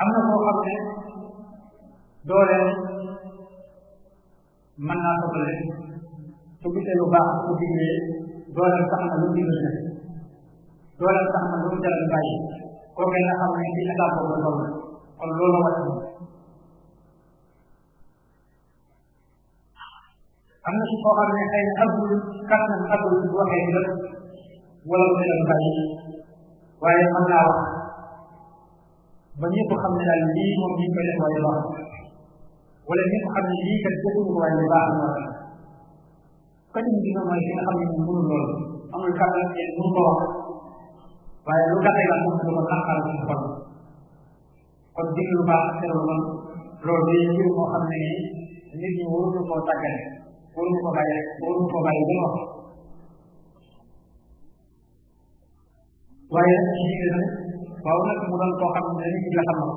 [SPEAKER 1] am na koo xam ne dooleem mën naa toppal rek su gisee lu baax su diglee dooleel sax na lu mu digal rek dooleel sax na lu mu jaral bàyyi kooku nga xam ne ci état boobu la toll kon loolu war na am na si koo xam ne xëy na àggul kàttan àggul bu waxee rek wala mu jaral bàyyi waaye mën naa wax ba ñëpp xam ne daal lii moom ñu koy def waaye baax wala ñi nga xam ne lii kat jotul waaye lu baax la katim bi nga mooy ki nga xam ne moom mënul loolu amul kàttan ak yéen mënu ko wax waaye lu gàttee la moom dama làqal ci xol kon dig lu baax te lu bon loolu day mbir moo xam ne nit ñi waruñu koo tàggale waruñu ko bàyyi waruñu ko bàyyi ba wax waaye jigéen nag waaw nag mu doon koo xam ne nit ñi la xam na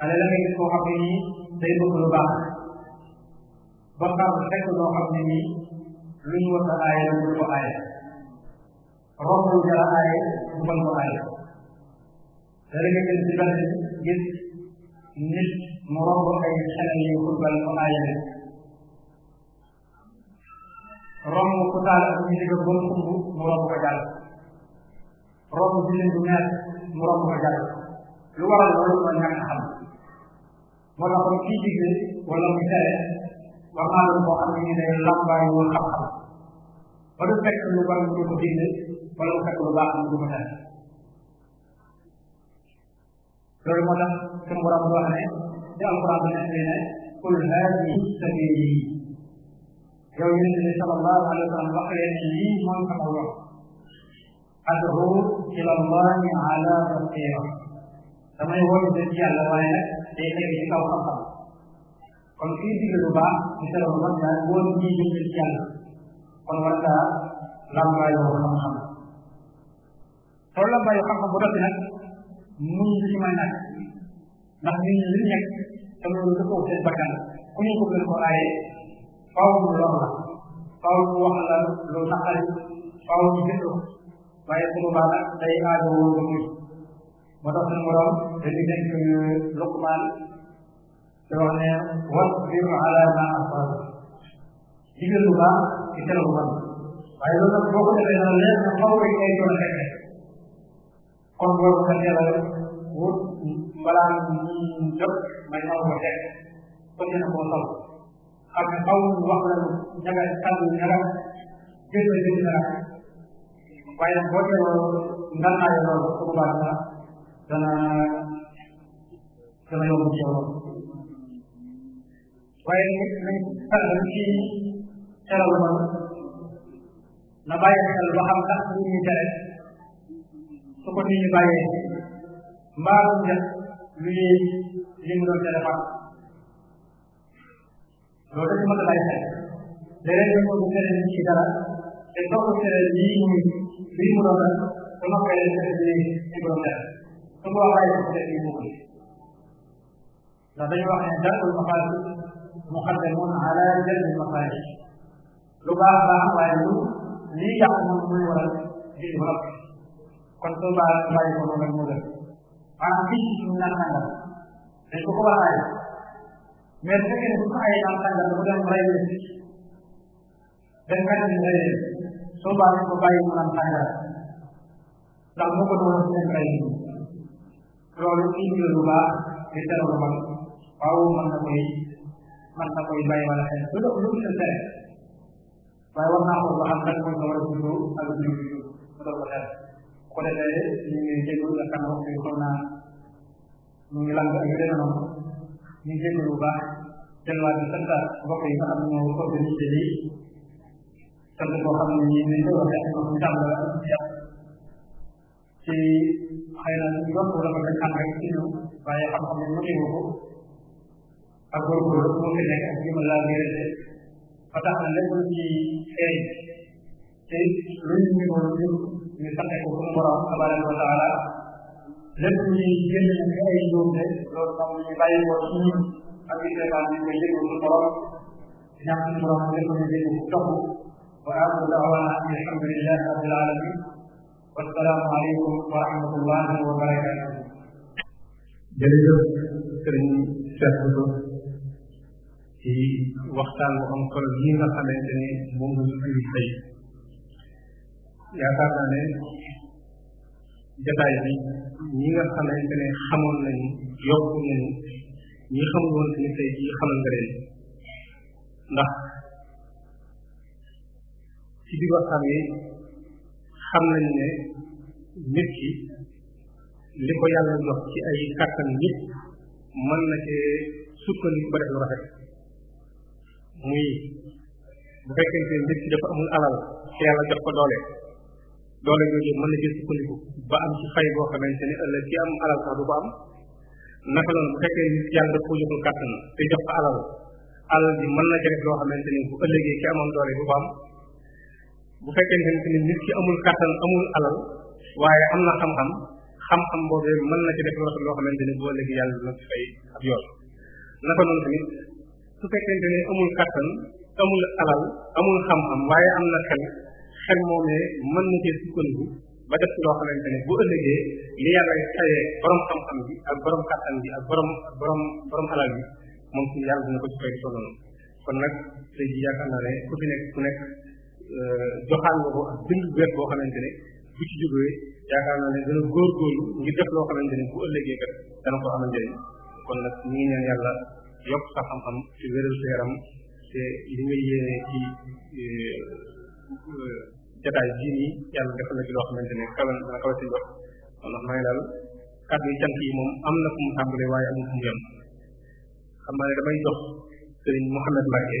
[SPEAKER 1] ale la nga gis koo xam ne nii day bëgg lu baax bokkaar bu fekk loo xam ne nii lu ñu war a aaye bu ko aaye romb lu jar a aaye bu bañ ko aaye dara nga jël ci benn gis nit mu romb ay xelal yu ko bañ ko aaye romb ku taal ak ñu digga bon xumb mu romb ko jàll romb jilin bu mer mu romb ko jàll lu waral loolu mooy ñàkk xam wala ko kii digle wala mu tere war naa doon koo xam ne ñu ne lambaay wala xam-xam ba du fekk lu war ñu ko digle wala mu fekk lu baax ñu ko tere loolu moo tax suñu borom wax ne ci alquran bi nekk ne qul haadihi sabili yow yonente bi sallallahu alayhi wa sallam wax leen ne lii mooy sama yoon ad'u ila allahi ala basira damay wóolu jëm ci yàlla waaye nag day teg ci kaw xam-xam kon kii digle lu baax ci sa loolu war naa wóolu ñi jëm ci yàlla kon war naa làmbaayoo xam-xam soo làmbaayoo xam-xam bu rafet nag muñ ci mën nag ndax nit ñi li nekk te loolu dafa seen bakkan ku ñu ko gën ko aaye faaw mu lor la faaw mu wax la lu naqari faaw mu gëstu waaye su boobaa nag day aajowoo nga muñ moo tax suñu borom dañu nekk Luqmaan te wax ne wasbir ala ma asaaba digal lu baax ci tere lu bon waaye loolu nag boo ko defee dana leer na xaw rek ay doon rek kon boobu ka teelal wut mbalaan jot may xaw ko teg kon ñu ne koo sol xam ne xaw wax la lu ñaga sàll ñaga jël la jël dara waaye boo teeloo ngan naa loolu su boobaa dana dana dana yomb ci yow waaye nag nañ tànn ci xelal ma na bàyyi xel ba xam ndax li ñuy tere su ko nit ñi bàyyee mbaa mu def lu yee li mu doon tere fàq loolu dafa mën a bàyyi xel léeg-léeg ñu ko tere nit ci dara te soo ko tere lii muy lii mu doon def ba nga koy tere lii ci borom dara ko waxaay ko def yi mukk ndax dañu wax ne darul maqaasid muqaddamun ala jalbil mafaasid lu baax baax waaye lu lii yàq moom mooy waral di développé kon soo baax bàyyi ko noonu mu gën maanaam fii ci ñu naan nangam dañ ko ko waxaay mais su fekkee ne bu ko ayee naan nangam dafa doon rey leen dañ ko def rey leen soo baax ko bàyyi mu naan nangam ndax moo ko doon rey leen loolu indi lu baax di tere lu bon waaw mën na koy mën na koy bàyyi wala xel lu lu mu tere waaye war naa xool ba xam lan mooy war a juddoo ak lu muy juddoo mu doon ko tere ko defee ñu ngi jégalu nga xam ne wax dëgg xam naa ñu ngi lang ak yeneen noonu ñu ngi jégalu bu baax delluwaat di sant mbokk yi nga xam ne ñoo organisé lii sant boo xam ne ñu ngi leen di wax rek ñu tàmbali ci xëy na njort wala ba dañ xam rek ci ñëw waaye xam-xam ne mënewu ko ak góorgóorlu moo fi nekk ak jëma laa biirante ba tax na lépp lu ci feeñ te lu ñu ñu wala ñu ñu sante ko suñu borom tabaraka wa taala lépp ñuy génn nag ci ay njuumte loolu tam ñu bàyyi ko ci ñun ak ñu seetaan ñu koy yëngu suñu borom di ñaan suñu borom lépp ñu génn ci topp wa aaxiru daawaana alhamdulilah rabbil alamin wasalaamu aleykum wa rahmatullahi wa barakatuh jërëjëf sëriñ Cheikh Bousso ci waxtaan bu solo yi nga xamante ne moom nga xamante ne xamoon nañu yokku nañu ñi xamul woon suñu tey jii xamal nga leen ndax ci biir waxtaan yi xam nañ ne nit ki li ko yàlla jox ci ay kàttan nit mën na cee sukkandiku ba def lu rafet muy bu fekkente nit ki dafa amul alal te yàlla jox ko doole doole jooju mën na cee sukkandiku ba am ci fay boo xamante ni ëllëg ci am alal sax du ko am naka noonu bu fekkee nit yàlla daf koo joxul kàttan te jox ko alal alal ji mën na ci def loo xamante ni bu ëllëgee ci amoon doole du ko am bu fekkente ne nit ki amul kattan amul alal waaye am na xam-xam xam-xam boobee mën na ci def lu rafet loo xamante ni boo léegi yàlla na ci fay ab yoon naka noonu tamit su amul kattan amul xam-xam waaye am na xel xel mën na cee sukkandiku ba def ci loo xamante bu ëllëgee bi ak borom kattan bi ak borom borom bi moom ko ci fay tolloon kon nag tey jii yaakaar naa ku fi nekk ku nekk joxaan nga ko ak bind bu bees boo xamante ne bu ci jógee yaakaar naa ne dana góorgóorlu ngir def loo xamante ne bu ëllëgee kat dana ko amal njëriñ kon nag ñu ngi ñaan yokk sa xam-xam ci wéral sa te li nga yéene ci euh, jataay bii nii yàlla defal na ci loo xamante ne kawe na kawe si ndox kon nag maa ngi daal kàddu yi cant yi moom am na fu mu tàmbalee waaye amul fu mu yem xam naa ne damay jox sëriñ Mouhamed Mbacke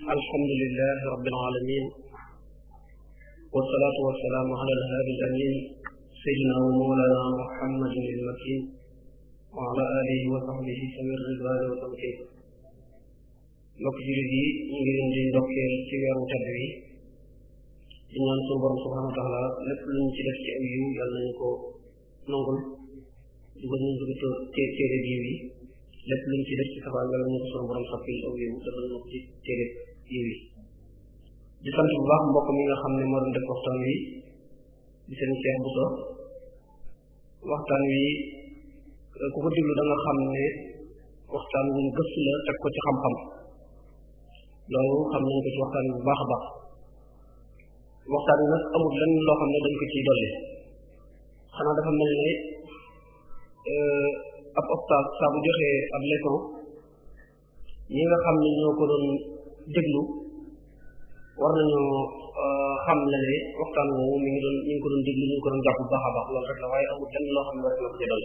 [SPEAKER 1] alhamdulilah rabbil alamin wasalaatu wasalaamu ala alhaadi alamin sayidina wa mawlana muhammadin almakin wa ala alihi wa sahbihi samir ridwaani wa tamkin mbokk jullit yi ñu ngi leen di ndokkeel ci weeru tedd wi di ñaan suñu borom subhanahu wa taala lépp lu ñu ci def ci ay yiw yàlla nañu ko nangul di ko ñu dugg téere bi lépp lu ñu ci def ci safaan yàlla nañu ko suñu borom soppi aw yiw defal na ko ci téere yéen di sant bu baax mbokk mi nga xam ne moo doon def waxtaan wi di seen Cheikh Bousso waxtaan wi ku ko déglu nga xam ne waxtaan wu ñu la teg ko ci xam-xam loolu xam nañ ko ci waxtaan wi bu baax a baax waxtaan wi nag amul loo xam ne dañ ko ciy dolli xanaa dafa mel ne euh, ab ostaas saa bu joxee ab nga xam ne ñoo ko doon déglu war nañu euh, xam ne ne waxtaan woowu mi ngi doon ñu ngi ko doon déglu ñu ngi ko doon jàpp bu baax a baax loolu rek la waaye amul loo xam ne rek la ko ci doon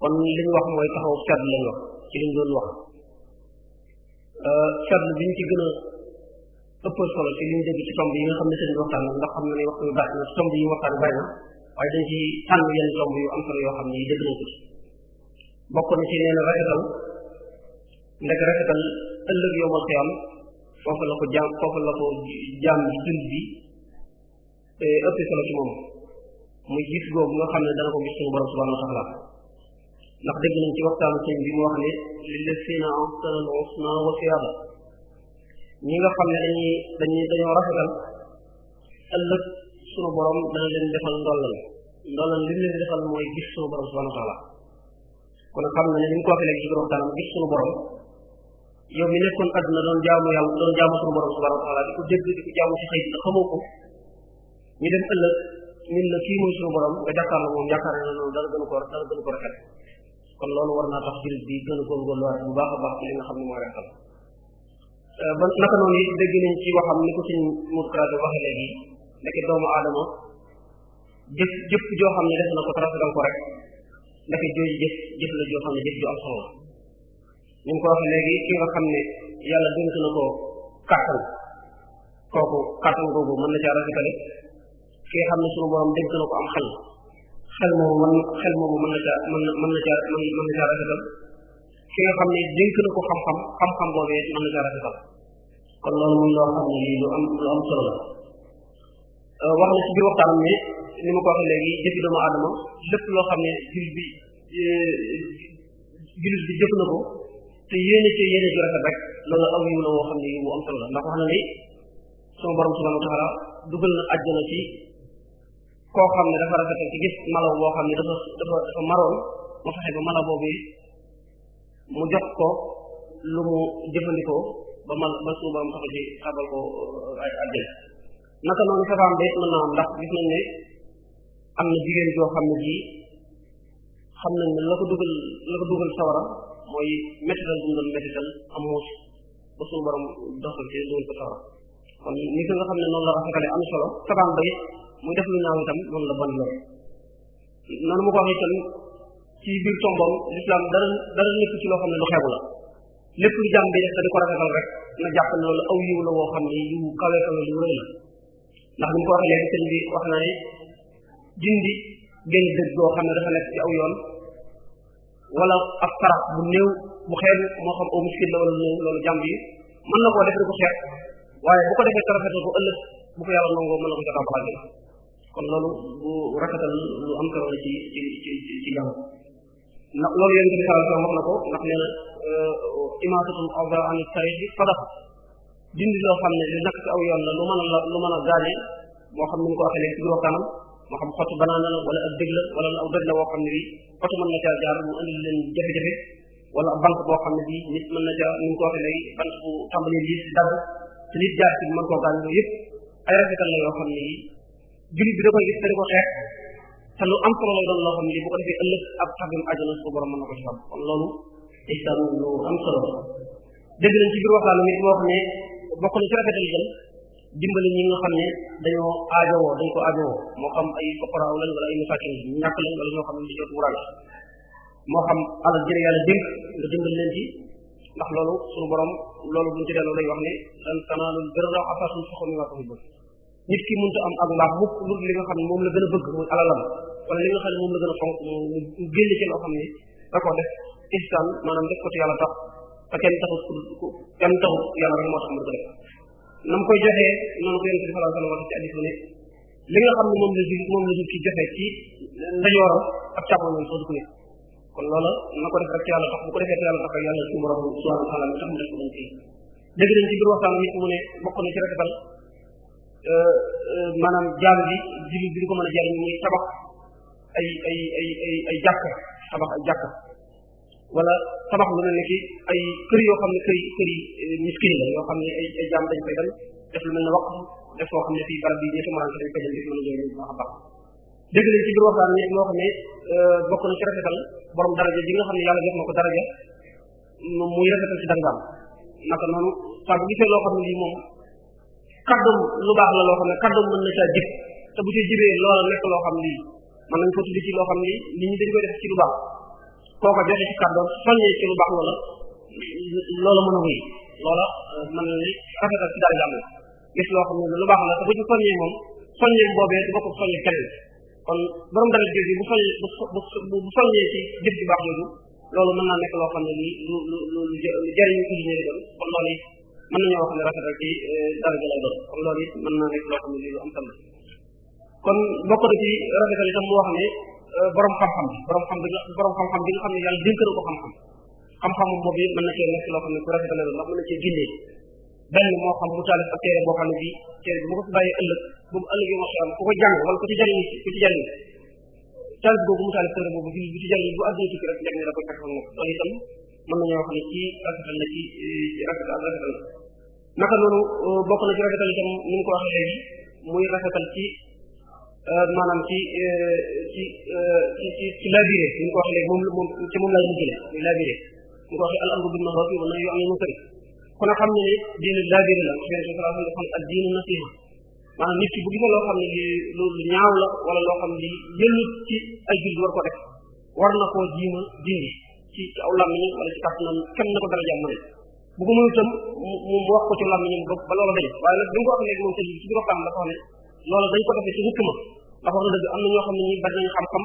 [SPEAKER 1] kon li ñu wax mooy taxaw seetlu wax ci liñ doon wax seetlu euh, bi ñu ci gën a ëppal xam ne seen waxtaan ndax xam na yu waxtaan bari na waaye dañ ci tànn yenn tomb yu yoo xam ne yi dégg nañ ko ci bokk na ci nee ëllëg yow ma xiyam ko jaam foofu la ko bi dund bi solo ci moom muy gis googu nga xam ne dana ko gis suñu borom subhanahu wa taala ndax dégg nañ ci waxtaanu sëñ bi mu wax ne lillazina ahsanul husna wa ziyaada ñi nga xam ne dañuy dañuy dañoo rafetal ëllëg suñu borom dana leen defal ndollal ndollal li leen defal mooy gis suñu borom subhanahu wa taala kon xam na ne ni ñu ko waxee léegi ci biir waxtaanam gis suñu borom yow mi nekkoon àdduna doon jaamu yàlla doon jaamu sunu borom subhanahu wa taala di jaamu ci xëy na xamoo ko ñu dem ëllëg ñun la kii mooy nga jàkkaarloo moom yaakaar na loolu dara gën ko dara gën ko kon loolu war naa tax jullit bi gën a góorgóorluwaat bu baax a baax nga xam ne mooy rafetal euh, ba naka noonu it dégg nañ ci waxam ko suñ mutkrade doomu aadama jëf jëf joo xam ne def na ko te rafetal ko rek ndeke jëf jëf la joo xam ne jëf ju am solo ni mu ko waxee léegi ki nga xam ne yàlla dénk na ko kàttan kooku kàttan googu mën na caa rafetale ki nga xam ne sunu borom dénk na ko am xel xel moomu mën xel moomu mën na caa mën na mën na caa mën na caa rafetal ki nga xam ne dénk na ko xam-xam xam-xam boobee mën na caa rafetal kon loolu muy loo xam ne lii lu am lu am solo la euh, wax na ci biir waxtaanam ne ni ma ko waxee léegi jëfi doomu aadama lépp loo xam ne jul bi euh, jullit bi jëf na ko te yéene ci yéene ju rafet rek loolu la woo xam ne yiw bu am solo la ndax wax na ni sama borom subhanahu wa na àjjana ci koo xam ne dafa rafetal gis malaw boo xam ne dafa dafa dafa maroon mu ba malaw boobu mu jox ko lu mu jëfandikoo ba mal ba suñu borom taxal ci xabal ko àjjana naka noonu safaam ba mën naa am ndax gis nañ ne am na jigéen ji xam nañ ne la dugal la dugal sawara mooy méttital bu mu doon méttital am moo ci ba suñu borom doxal ci dugal ko sawar kon ni ko xam ne noonu la rafetale la bon lool noonu mu ko waxee itam ci biir tombom l'islam dara dara nekk ci xam ne lu xeebu la lépp lu jàmm bi def te di ko rafetal rek na jàpp ne loolu aw la woo xam ne yiw kawe kawe lu rëy la ndax ni mu ko waxee léegi dindi benn dëgg boo xam ne dafa nekk ci aw yoon wala ab sarax bu néew bu xeeb moo xam au muskil loolu jàmb yi mën na koo def di ko xeeb waaye bu ko defee tarafetal ko ëllëg bu ko yàlla nangoo mën na ko jotaa kon loolu bu rafetal lu am ko ndax nee na euh, imatatul awra an tariq dindi loo xam ne lu nak yoon la lu a la lu mën a moo xam ni mu ko waxee léegi ci moo xam xottu banaana la wala ak dëg la wala aw dëg la woo xam ne bi xottu mën na caa jaar mu andil leen jafe wala ab boo xam ne bi nit mën na caa mu ko waxee léegi bant bu tàmbalee lii dagg te nit jaar ci mën koo gaañ loolu yëpp ay rafetal la yoo xam ne yi jullit bi da koy gis te di ko xeex te lu am solo lay doon loo xam ne bu ko defee ëllëg ab tabim ajana su borom mën na ko ci am kon loolu isaan lu am solo dégg nañ ci biir waxtaan mi moo xam ne bokk na ci rafetal jëm dimbali ñi nga xam ne dañoo aajowoo dañ ko aajowoo moo xam ay fuqaraaw lañ wala ay masaakin ñu ñàkk lañ wala ñoo xam ne dañoo tuural moo xam alal jërë yàlla dénk nga dimbali leen ci ndax loolu suñu borom loolu buñu ci delloo lay wax ne lan tanaalul birra hattaa tunfiqu mimmaa tuhibbuun nit ki mënta am ak mbaax mukk lu li nga xam ne moom la gën a bëgg muy alalam wala li nga xam ne moom la gën a fonk mu génn ci loo xam ne da ko def ihsaan maanaam def ko ci yàlla tax te kenn taxut kenn taxut yàlla rek moo tax mu ko def na koy joxee noonu ko yonent bi sallallahu alayhi wa sallam wax ci hadith ne li nga xam ne moom la jul moom ci joxe ci ndeyooram ak ko kon loola na ko def rek ci yàlla tax bu ko defee ci yàlla tax yàlla suñu borom subhanahu wa taala mi tax mu def ko ci dégg nañ ci biir mu ne bokk na ci rafetal euh, euh, maanaam jaam bi julli bi ñu ko mën a jariñ ay ay ay ay ay jàkk tabax ay jàkk wala tabax lu mel ne ki ay kër yoo xam ne kër kër eh, miskin la xam ne ay ay jaam dañ koy dem def lu mel ne waqf def bi ñi tumaranke dañ koy def mën a jëriñ bu baax a baax dégg nañ ci biir waxtaan ni moo xam ne eh, bokk na ci rafetal borom daraja bi nga xam ne yàlla jox na ko daraja muy rafetal ci dangaam naka noonu saa bu gisee loo xam ne lii moom kaddum lu baax la loo xam ne kaddum mën na caa jib te bu ci jibee loola nekk loo xam ne lii mën nañ ko ci loo xam ne nit ñi dañ koy def ci lu baax koo ko joxe ci kàddoon soññee ci lu baax loola loola mën a wéy loola euh, mën na ni rafetal ci dara jàll gis loo xam ne lu baax la te bu ci soññee moom soññee boobee du bokk soññee kenn kon borom dara jëf bu bu bu soññee ci jëf ju baax jooju loolu mën naa nekk loo xam ne nii lu lu lu li doon kon loolu it mën nañoo wax ne rafetal ci euh, dara ji kon loolu it mën nekk loo xam ne kon bokk na ci rafetal itam wax ne Euh, borom xam-xam bi borom xam bi nga borom xam-xam bi nga xam ne yàlla dénkër ko xam-xam xam-xamu boobu yëpp mën na cee nekk loo xam ne ku rafetal la ndax mën na cee gindee benn moo xam mu taalif ak téere boo xam ne bii téere bi bu ko fi bàyyee ëllëg bu mu ëllëgee ma xam ku ko jàng wala ku ci jariñ ku ci jariñ taalif boobu mu taalif téere boobu bi bu ci jariñ bu adduna tukki rek njëg ne da koy fekk moom loolu itam mën nañoo wax ne ci rafetal na ci rafetal rafetal naka noonu euh, bokk na ci rafetal itam ni mu ko waxee léegi muy rafetal ci Euh, maanaam euh, euh, ci ci ci ci labiré ni ko wax léegi moom moom ci moom laay mujjale muy labiré ni ko waxee al amru bil ma'ruf wa nahyu anil munkar kon a xam ne ne diine labiré la yonent bi sallallahu alayhi wa sallam ak diinu nasiha maanaam nit ki bu gisee loo xam ne li loolu ñaaw la wala loo xam ne li yëllut ci ay jullit war ko def war na koo jiima dindi ci ci aw làmmiñam wala ci kàttanam kenn na ko dara jàmm ne bu ko mënul tam mu wax ko ci làmmiñam ba loola dañ waaye nag bi nga ko wax léegi moom sëñ bi ci biir waxtaan dafa ne loolu dañ ko defee ci hukk ma ndax wax am na ñoo xam ne ñi bari nañu xam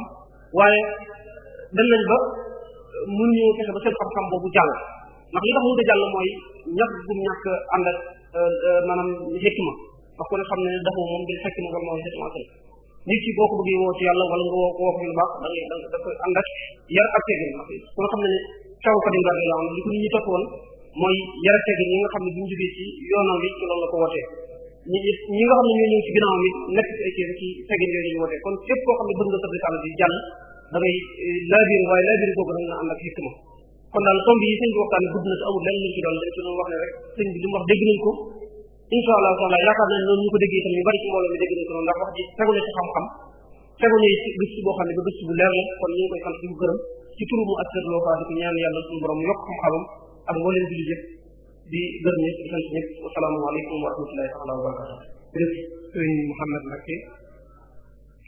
[SPEAKER 1] waaye dem nañ ba mun ñu fexe ba seen xam-xam boobu jàll ndax li tax mënut jàll mooy ñàkk gum ñàkk ànd ak euh, maanaam xikma xam ne ne dafa moom ki boo ko bëggee woo ci yàlla wala nga woo ko woo ko lu baax da ngay da da yar ak teggin ndax ku ne xam ne ne caw ko la am li ko nit ñi topp mooy yar ak teggin nga xam ne bu ñu jógee ci wi ci ko wootee ñu gis ñi nga xam ne ñoo ñëw ci ginnaaw mi nekk ci ay kii ci tegin yooyu nga sabri kàlla bi jàll da ngay eh, laabir waaye yi na ko insha allah taala yaakaar nañ noonu ñu ko déggee itam ñu bari ci mbooloo mi dégg wax ji tegu na boo xam ne ba gëstu bu leer la kon ñu ngi koy sant ko gërëm ci turu mu asser loo faa di ko ñaan yàlla suñu borom yokk xam-xamam ak mbooleen bi di jëf di gërëm ñëpp di sant ñëpp asalaamaaleykum wa rahmatullahi taala wa barakatu jërëjëf sëriñ Mouhamed Mbacké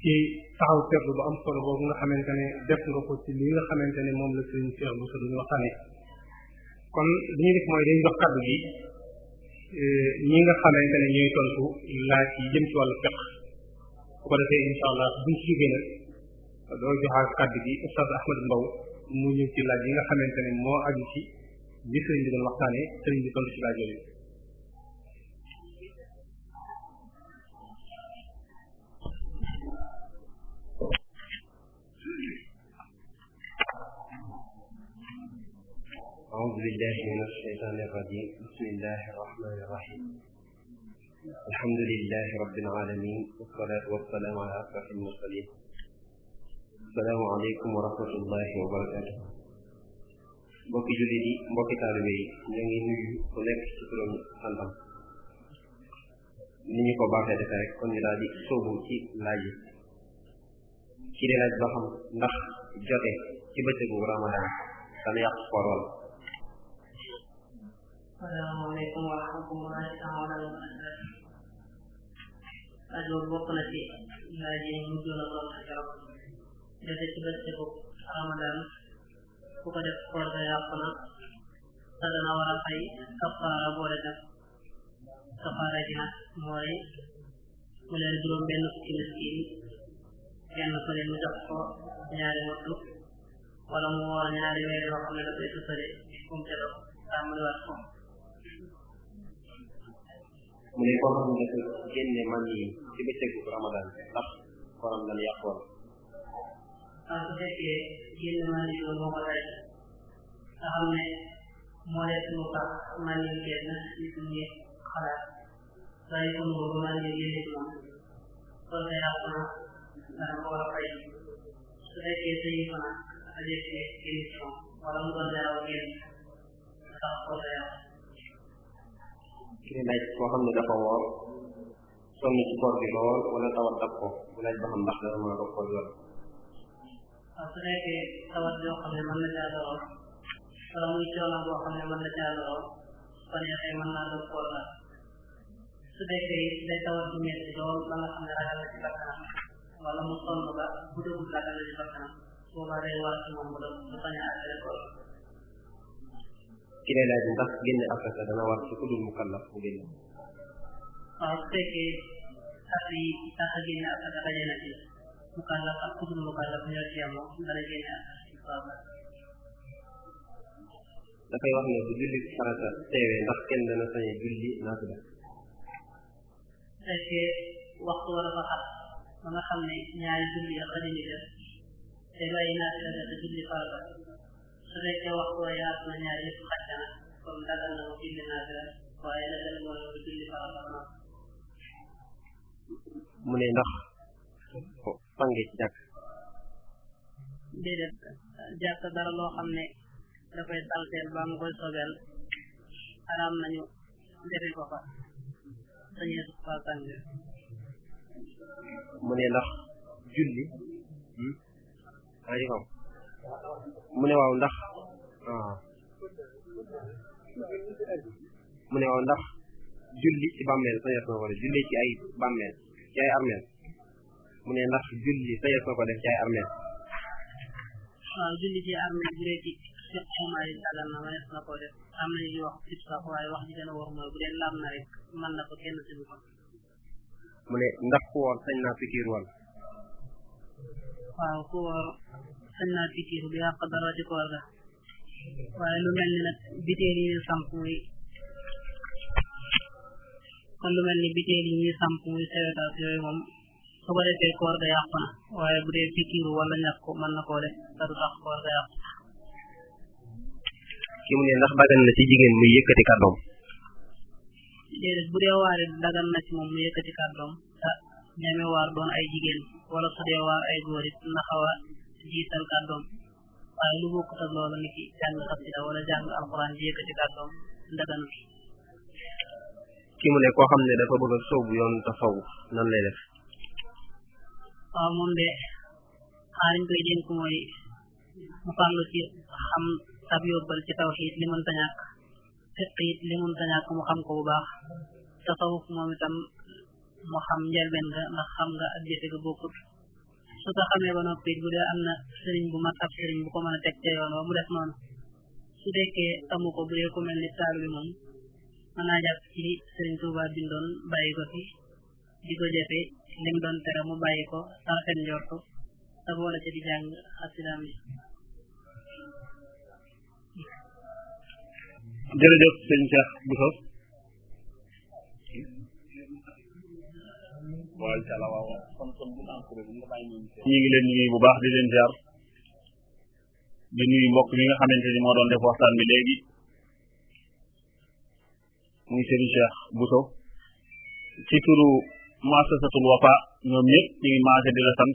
[SPEAKER 1] ci taxaw seetlu bu am solo boobu nga xamante ne def nga ko ci li nga xamante ne moom la sëriñ Cheikh Bousso ñu waxtaanee kon li ñu def mooy dañu jox kàddu gi e, ñi nga xamante ne ñooy tontu laaj yi jëm ci wàllu fiq bu ko defee incha allah buñ ci jógee nag doo joxaat kàddu gi Oustaz Ahmed Mbow mu ñëw ci laaj yi nga xamante ne moo aju ci li sëriñ bi doon waxtaanee sëriñ bi tontu ci laaj yooyu أعوذ بالله من الشيطان الرجيم بسم الله الرحمن الرحيم الحمد لله رب العالمين والصلاة والسلام على أشرف المرسلين السلام عليكم ورحمة الله وبركاته mbokki jullit yi mbokki taalibe yi ñu ngi nuyu ku nekk ci turam ni ñu ko baaxee defee rek kon ñu di sóobu ci laaj yi ci di laaj ndax jote ci bëccëgu ramadan dana yàq koor wala salaamaaleykum wa rahmatullahi taala a borom ku ko def koor ga yàq na te dana war a fay kafaara boole def kafaara ji nag mooy mu leer juróom benn fukki miskin kenn ku ne mu jox ko ñaari wattu wala mu woor ñaari weer yoo xam ne da koy tutale kum te doo tàmbaliwaat ko mu ne koo xam ne dafa génne man yi ci bëccëgu ramadan ndax koram lan yàqoon kon su fekkee génn mën yoon moo ko daj nga xam ne moo def lu baax mën yi génn ci suñu xalaat bàyyi ko nguur mën yi génn ci moom kon day am na dana ko war a fay su fekkee sa yi fan a jëkkee génn ci moom wala mu doon daaw génn sax ko day am kii laaj koo xam ne dafa woor sonn ci koor gi lool wala tawat dab ko bu laaj ba xam ndax dana mën a ko koor yoon su nekkee tawat yoo xam ne mën na caa loroo wala muy coono boo xam ne mën na caa loroo su neexee mën naa doon koo laal su nekkee day tawat bu metti lool ba nga xam ne ragal na ci wala mu sonn na ci bakkanam boobaa day war ci moom bu dëgg mu na ci mukallaf ak ku dul mukallaf ñoo ci yemoo dana génne istiqaama dafay wax ne bu julli farata teewee ndax kenn dana sañ a julli naafila fekkee waxtu war a ba xam ba nga xam ne ñaari julli ya xadimi def day bàyyi naafila def julli farata su fekkee waxtu wa yaatu na ñaari yëpp xaj na comme dagal na mu julli naafila waaye la dal mooy mu julli farata mu ne ndax fange ci jàkk déedéet jàkk dara loo xam ne dafay salteel ba mu koy sobeel araam nañu defe ko fa dañee su fa sang mu ne ndax julli hmm? ay waaw mu ne waaw ndax waaw ah. mu ne waaw ndax julli ci bàmmeel sañes na wala julli ci ay mu ne ndax julli sayees na ko def ci ay armeel waaw julli ci armeel bu dee ci fiq mooy dagal na manees na ko def am na ñu wax fiq sax waaye wax ji gën a wóor mooy bu dee laab na rek mën na ko kenn suñu ko mu ne ndax ku woor sañ naa pikiir woon waaw ku woor sañ naa pikiir du yàq dara ci koor ga waaye lu mel ni nag biteel yi ñu samp muy kon lu mel ni biteel yi ñuy samp muy sewetaas yooyu moom su ko defee ga yàqu na waaye bu dee sikkiru wala ñàkk mën na koo def te du ga yàqu ki mu ne ndax dagan na ci jigéen muy yëkkati kàddoom déedéet bu dee waar dagan na ci moom mu yëkkati kàddoom te ñeme waar doon ay jigéen wala su dee waar ay góor it na xaw a jiital kàddoom waaye lu bokkut ak loolu ni ki jàng xasida wala jàng alxuraan ji yëkkati kàddoom daganul ki mu ne koo xam ne dafa bëgg a sóobu yoon tasawuf nan lay def waaw moom de xanaa liñ koy dénk mooy mu farlu ci xam sab yóbbal ci tawxiid li mënta ñàkk fiq it li mënta ñàkk mu xam ko bu baax tasawuf moom itam mu xam njëlbeen nga ndax xam nga ak jëfe ga bokkut su ko xamee ba noppi bu am na sëriñ bu mat ab bu ko mën a teg ca yoon wa mu def noonu su dekkee amu ko bu dee ku mel ni taal bi moom mën naa jàpp ci sëriñ Tuubaa bindoon bàyyi ko fi di ko jëfe lim doon mu bàyyi ko sarxet njortu te boole ci di jàng asilaam yi jërëjëf sëñ Cheikh Bousso waaw incha allah waaw ñu ngi leen bu baax di leen ziar di nuyu mbokk mi nga xamante ni moo doon def waxtaan bi léegi muy sëñ Cheikh Bousso ci muassasatul wafa ñoom ñëpp ñu ngi maase di la sant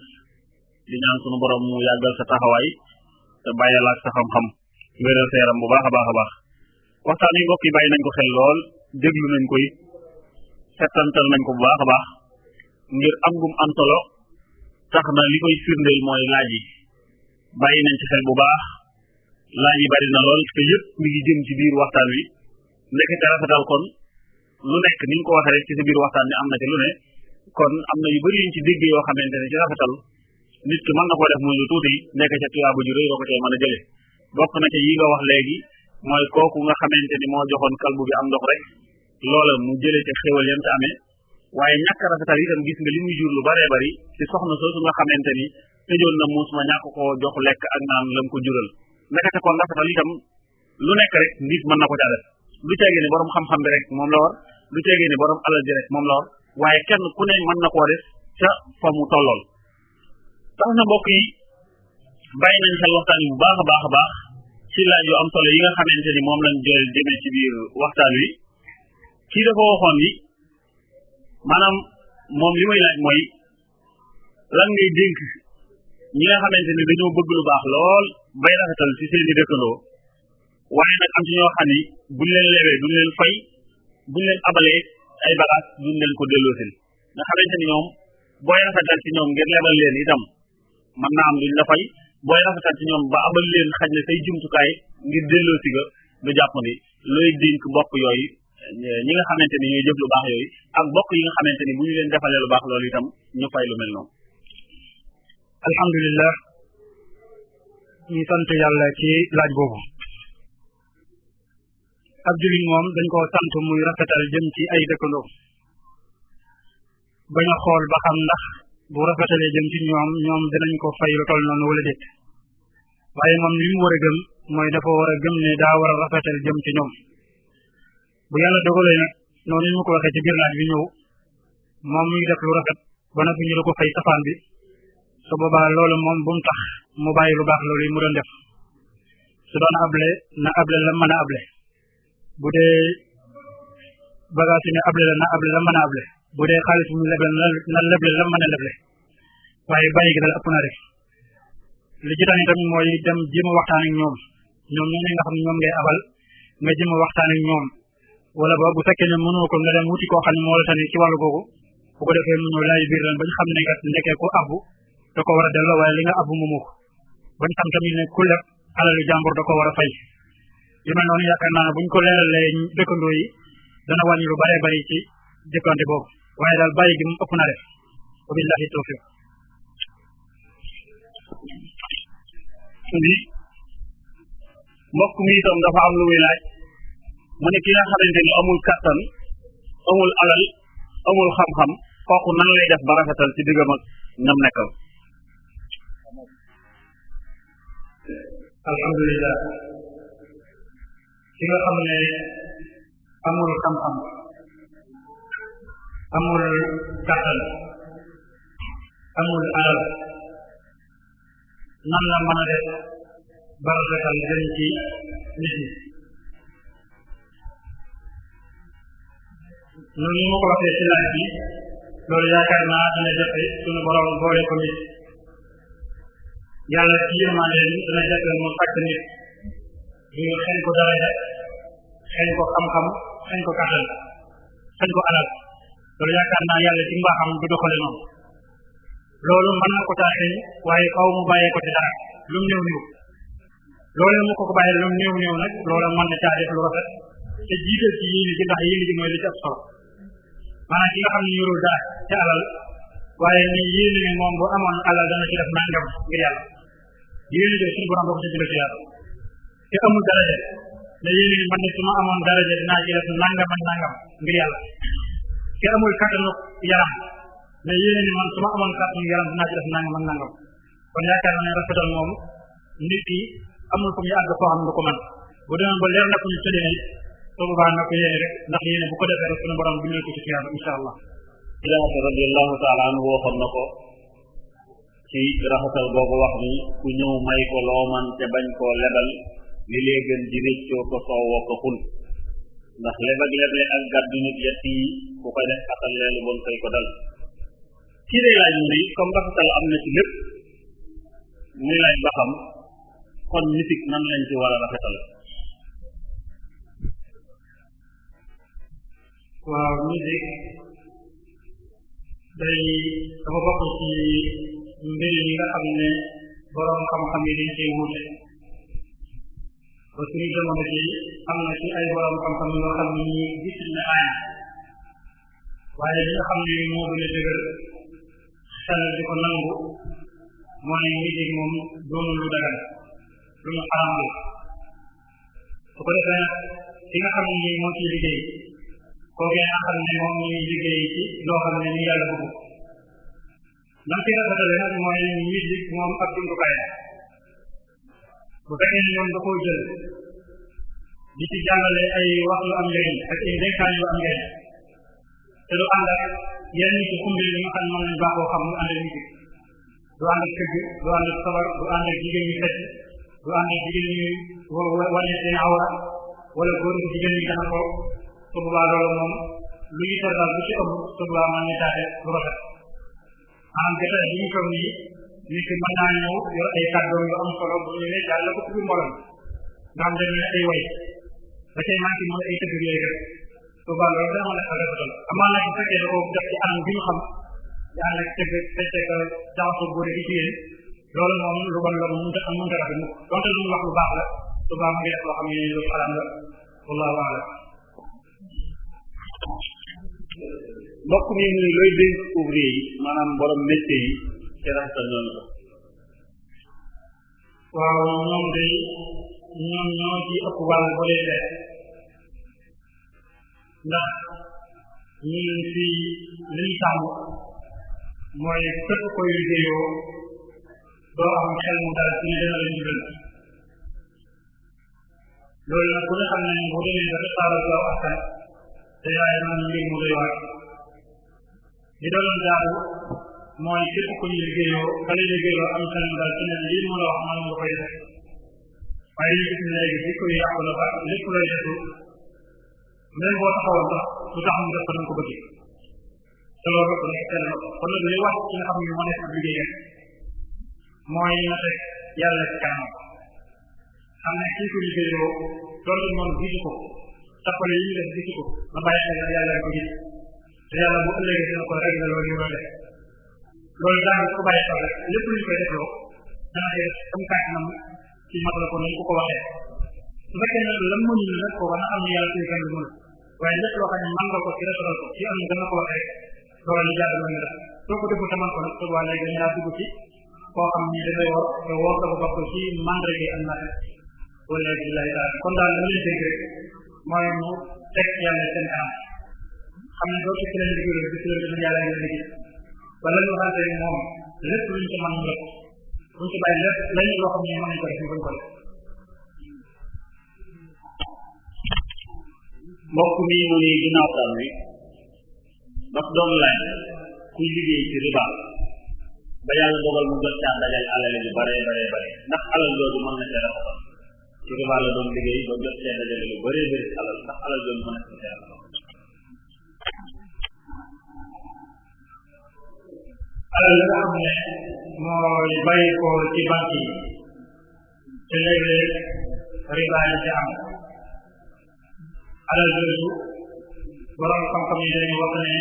[SPEAKER 1] di ñaan sunu borom mu yàggal sa taxawaay te bàyyal ak sa xam-xam wéral sa yaram bu baax a baax a baax waxtaan wi mbokk yi bàyyi nañ ko xel lool déglu nañ koy it settantal nañ ko bu baax a baax ngir am gum am solo tax na li koy firndeel mooy laaj yi bàyyi nañ ci xel bu baax laaj yi bari na lool te yëpp mi ngi jëm ci biir waxtaan wi nekk te rafetal kon lu nekk ni nga ko waxee ci sa biir waxtaan bi am na ci kon am na yu bëri yuñ ci dégg yoo xamante ne ci rafetal nit ki mën na koo def muy lu tuuti nekk ca tuyaaba ju rëy ko tey mën a jële bokk na ca yi nga wax léegi mooy kooku nga xamante ni moo joxoon kalbu bi am ndox rek loola mu jëlee ca xéwal yam te amee waaye ñàkk rafetal itam gis nga li muy jur lu baree bari ci soxna soosu nga xamante ni tëjoon na muus ma ñàkk koo jox lekk ak naan lam ko jural nekkate kon rafetal tam lu nekk rek nit mën na ko ca lu teegee ne borom xam-xam rek moom la lu teegee ne borom alal moom la waaye kenn ku ne mën na koo def ca fa mu tollool tax na mbokk yi bàyyi nañ xel waxtaan yi bu baax a baax a baax ci laaj yu am solo yi nga xamante ni moom lañ jël demee ci biir waxtaan wi kii dafa ni maanaam moom li ngay dénk ñi nga xamante ni dañoo bëgg lu baax lool bay rafetal ci seen i dëkkandoo waaye nag am ci ñoo xam ni buñ leen lewee duñ leen fay buñ leen abalee ay bagaas duñ leen ko delloosil nga xamante ni ñoom booy rafetal ci ñoom ngir lebal leen itam mën naa am duñ la fay booy rafetal ci ñoom ba abal leen xaj na say jumtukaay ngir delloosi ga lu jàpp ni looy dénk bokk yooyu ñi nga xamante ni ñooy jëf lu baax yooyu yi xamante ni bu ñu leen defalee lu baax loolu itam ñu fay lu mel noonu alhamdulilah ñu sant yàlla ci laaj boobu ab jullit moom dañ koo sant muy rafetal jëm ci ay dëkkandoo bañ xool ba ndax bu rafetalee jëm ci ñoom ñoom dinañ ko fay lu noonu wala déet waaye moom li mu war a gëm mooy dafa war gëm ne daa war rafetal jëm ci ñoom bu yàlla dogalee nag noonu ñu ko waxee ci biir naaj bi ñëw moom muy def lu rafet ba nag fay safaan bi su loolu moom bu tax mu bàyyi lu baax loolu yi mu doon su doon able na able la able bu dee bagage able la na able la mën a able bu dee xaalis bu leble na leble la mën leble waaye bàyyi gi dal na rek li ci tamit mooy dem jéem a waxtaan ak ñoom ñoom ñoo waxtaan ak ñoom wala ba bu fekkee ne mënoo ko nga dem wuti koo xam ne moo la tane ci wàllu googu bu ko defee mënoo laaj biir lan bañ xam ne kat nekkee ko abbu da delloo waaye li nga abbu moomu ko bañ xam tamit ne ku leb alalu jàmbur da ko a fay yu mel noonu yaakaar naa ne bu ñu ko leeralee dëkkandoo yi dana ci jëkkante boobu waaye daal bàyyi gi mu ëpp na wa billahi tawfiq bi mbokk mi dafa am lu muy laaj mu kattan amul alal amul xam-xam kooku nan lay def ba rafetal ci diggam ak ñam nekkal ki xam ne amul xam-xam amul kàttan amul alal nan la mën a def ba rafetal jëm ci nit ñi noonu ñu ma ko waxee ci laaj bi loolu yaakaar naa dina jafe suñu borom boole ko nit yàlla ci yërmande dina jafe mu fàkk ñu xañ ko daraja xañ ko xam-xam xañ ko kàttan xañ ko alal loolu yaakaar naa yàlla ci mbaaxam du doxale loolu ko taa xëy waaye faaw mu bàyyee ko ci loolu mu ko ko bàyyee lu mu néew néew loolu mën na te jiital ci yéene mooy li ci ab solo ki nga xam ne yorul dara ci alal waaye ni yéene ne moom bu amoon alal dana ci def nangam ngir yàlla yéene ji suñu borom boo ko ci jëlee ci te amul daraja ne yéen man ne su ma amoon daraja dinaa ci nangam ak nangam ngir yàlla te amul kattanu yaram ne yéen man su ma amoon kattanu yaram dinaa ci def nangam nangam kon yaakaar naa ne rafetal moom nit ki amul ko mën bu demee ba leer na ko ñu na ko yéene rek ndax yéene bu ko defee rek suñu borom bindal ko ci xiyaam incha allah. Bilaal radiyallahu na ko ci rafetal boobu wax ni ku ñëw may ko loo te bañ koo lebal. li lee gën di réccoo ko soowoo ko xul ndax lebak ak gàddu nit yett ku ko def xatal leelu bon koy ko dal kii day laaj mu ni comme rafetal am na ci lépp muy ba xam kon misik nan lañ ci war a rafetal waaw musique day dafa bokk ci mbir yi nga xam ne boroom xam-xam yi dañ koy wuute ba suñu jamono ji am na ci ay borom xam-xam yoo xam ne ñi gis na aaya waaye li nga xam ne moo gën a dëgër xelal di ko nangu mooy nit moom doonul lu dagan lu ñu xaram la su ko defee ki nga xam ne moo ciy liggéey kookee nga xam ne moom ñuy liggéey ci loo xam ne ni yàlla bëgg nam ci rafetale nag mooy musique moom ak jumtukaay bu fekkee ne ñoom da koo jël di ay wax yu am njëriñ ak ay dénkaan yu te du ànd ak yenn ci xumbel yi nga moom lañ baaxoo xam mu ànd ak musique du ànd ak tëgg du ànd ak sabar du ànd ak jigéen ñu fecc du wala góor ñu jigéen ñu jaxa ko loolu moom lu ñu tëral bu ci ëmb su boobaa mën na jaate bi ñu nii ñu ci mën naa ñëw yor ay kàddoom yu am solo bu ñu ne yàlla ko tudd mbolam ndax dañ ne ay way da cay manqué mooy ay tëgg yooyu rek su ba loolu dana mën a fa rafetal amaa nag bu fekkee da ko def ci anam bi ñu xam di ànd ak tëgg fecce ka jaxasoo góor yi ci yéen loolu moom lu bon la mënta am mënta rafet mukk donte lu mu wax lu baax la su ba mu ngi def loo xam ne lu xaram la wallahu alam mbokk mi mu looy dénk ouvrier yi maanaam borom métier yi te rafetal noonu ko waaw ñoom day ñoom ñoo ci ëpp wàll ba lay def ndax ñun fi liñ tàmm mooy képp koy liggéeyoo doo am mu dal ci ne dana la jural loolu nag bu nga xam ne bu demee dafa taaral ci aw askan te yaay man mbir mu doy waar mooy képp ku ñu liggéeyoo ka lay liggéeyoo am xelam daal ci ne lii mu la wax man nga koy def waaye ñu gis ne léegi bi koy yàqu la ba lépp lay def même boo taxawoon sax lu tax mu def ko dañ ko bëggee te loolu rek nekk seen bopp kon nag li wax ci nga xam ne moo nekk ab liggéeyam mooy na teg yàlla ci kanam xam ne kii ko liggéeyoo loolu moom gisu ko tappale yi ñu def gisu ko na bàyyi xel yàlla ko gis te yàlla bu ëllëgee dina ko réglé loolu yi war a def loolu daal ko bàyyi xel rek lépp lu ñu koy defloo dana def comme kàcc nam ci mag la ko nañ ko ko waxee su fekkee ne lan mënul la ko war a xam ne yàlla suñu kenn mënul waaye lépp loo xam ne man nga ko ci restaurant ko ci am na dana ko waxee loolu jàpp na nga def soo ko defu taman ko nag su boobaa léegi dañ laa dugg ci koo xam ne dafay woor te woor dafa bokk ci mandarga am naa wala billahi taala kon daal la leen dégg rek mooy mu teg yàlla seen kanam xam ne doo ci leen liggéey bi ci leen dafa yàlla nga liggéey wala ñu waxante moom lépp luñ ci mën ñu def buñ ci bàyyi lépp lañu loo xam ne mën nañ ko def ñu ko def mbokk mi mu ni ginnaaw tam wi daf doon laaj kuy liggéey ci riba ba yàlla dogal mu jot caa dajal alal lu bare bare bare ndax alal jooju mën na cee rafa ci riba la doon liggéey ba jot cee dajal lu bare bare alal ndax alal jooju mën na cee rafa alal li nga xam ne mooy bàyyi ko ci banque yi te léeg-léeg riba yi ci am alal jooju borom xam-xam yi dañu wax ne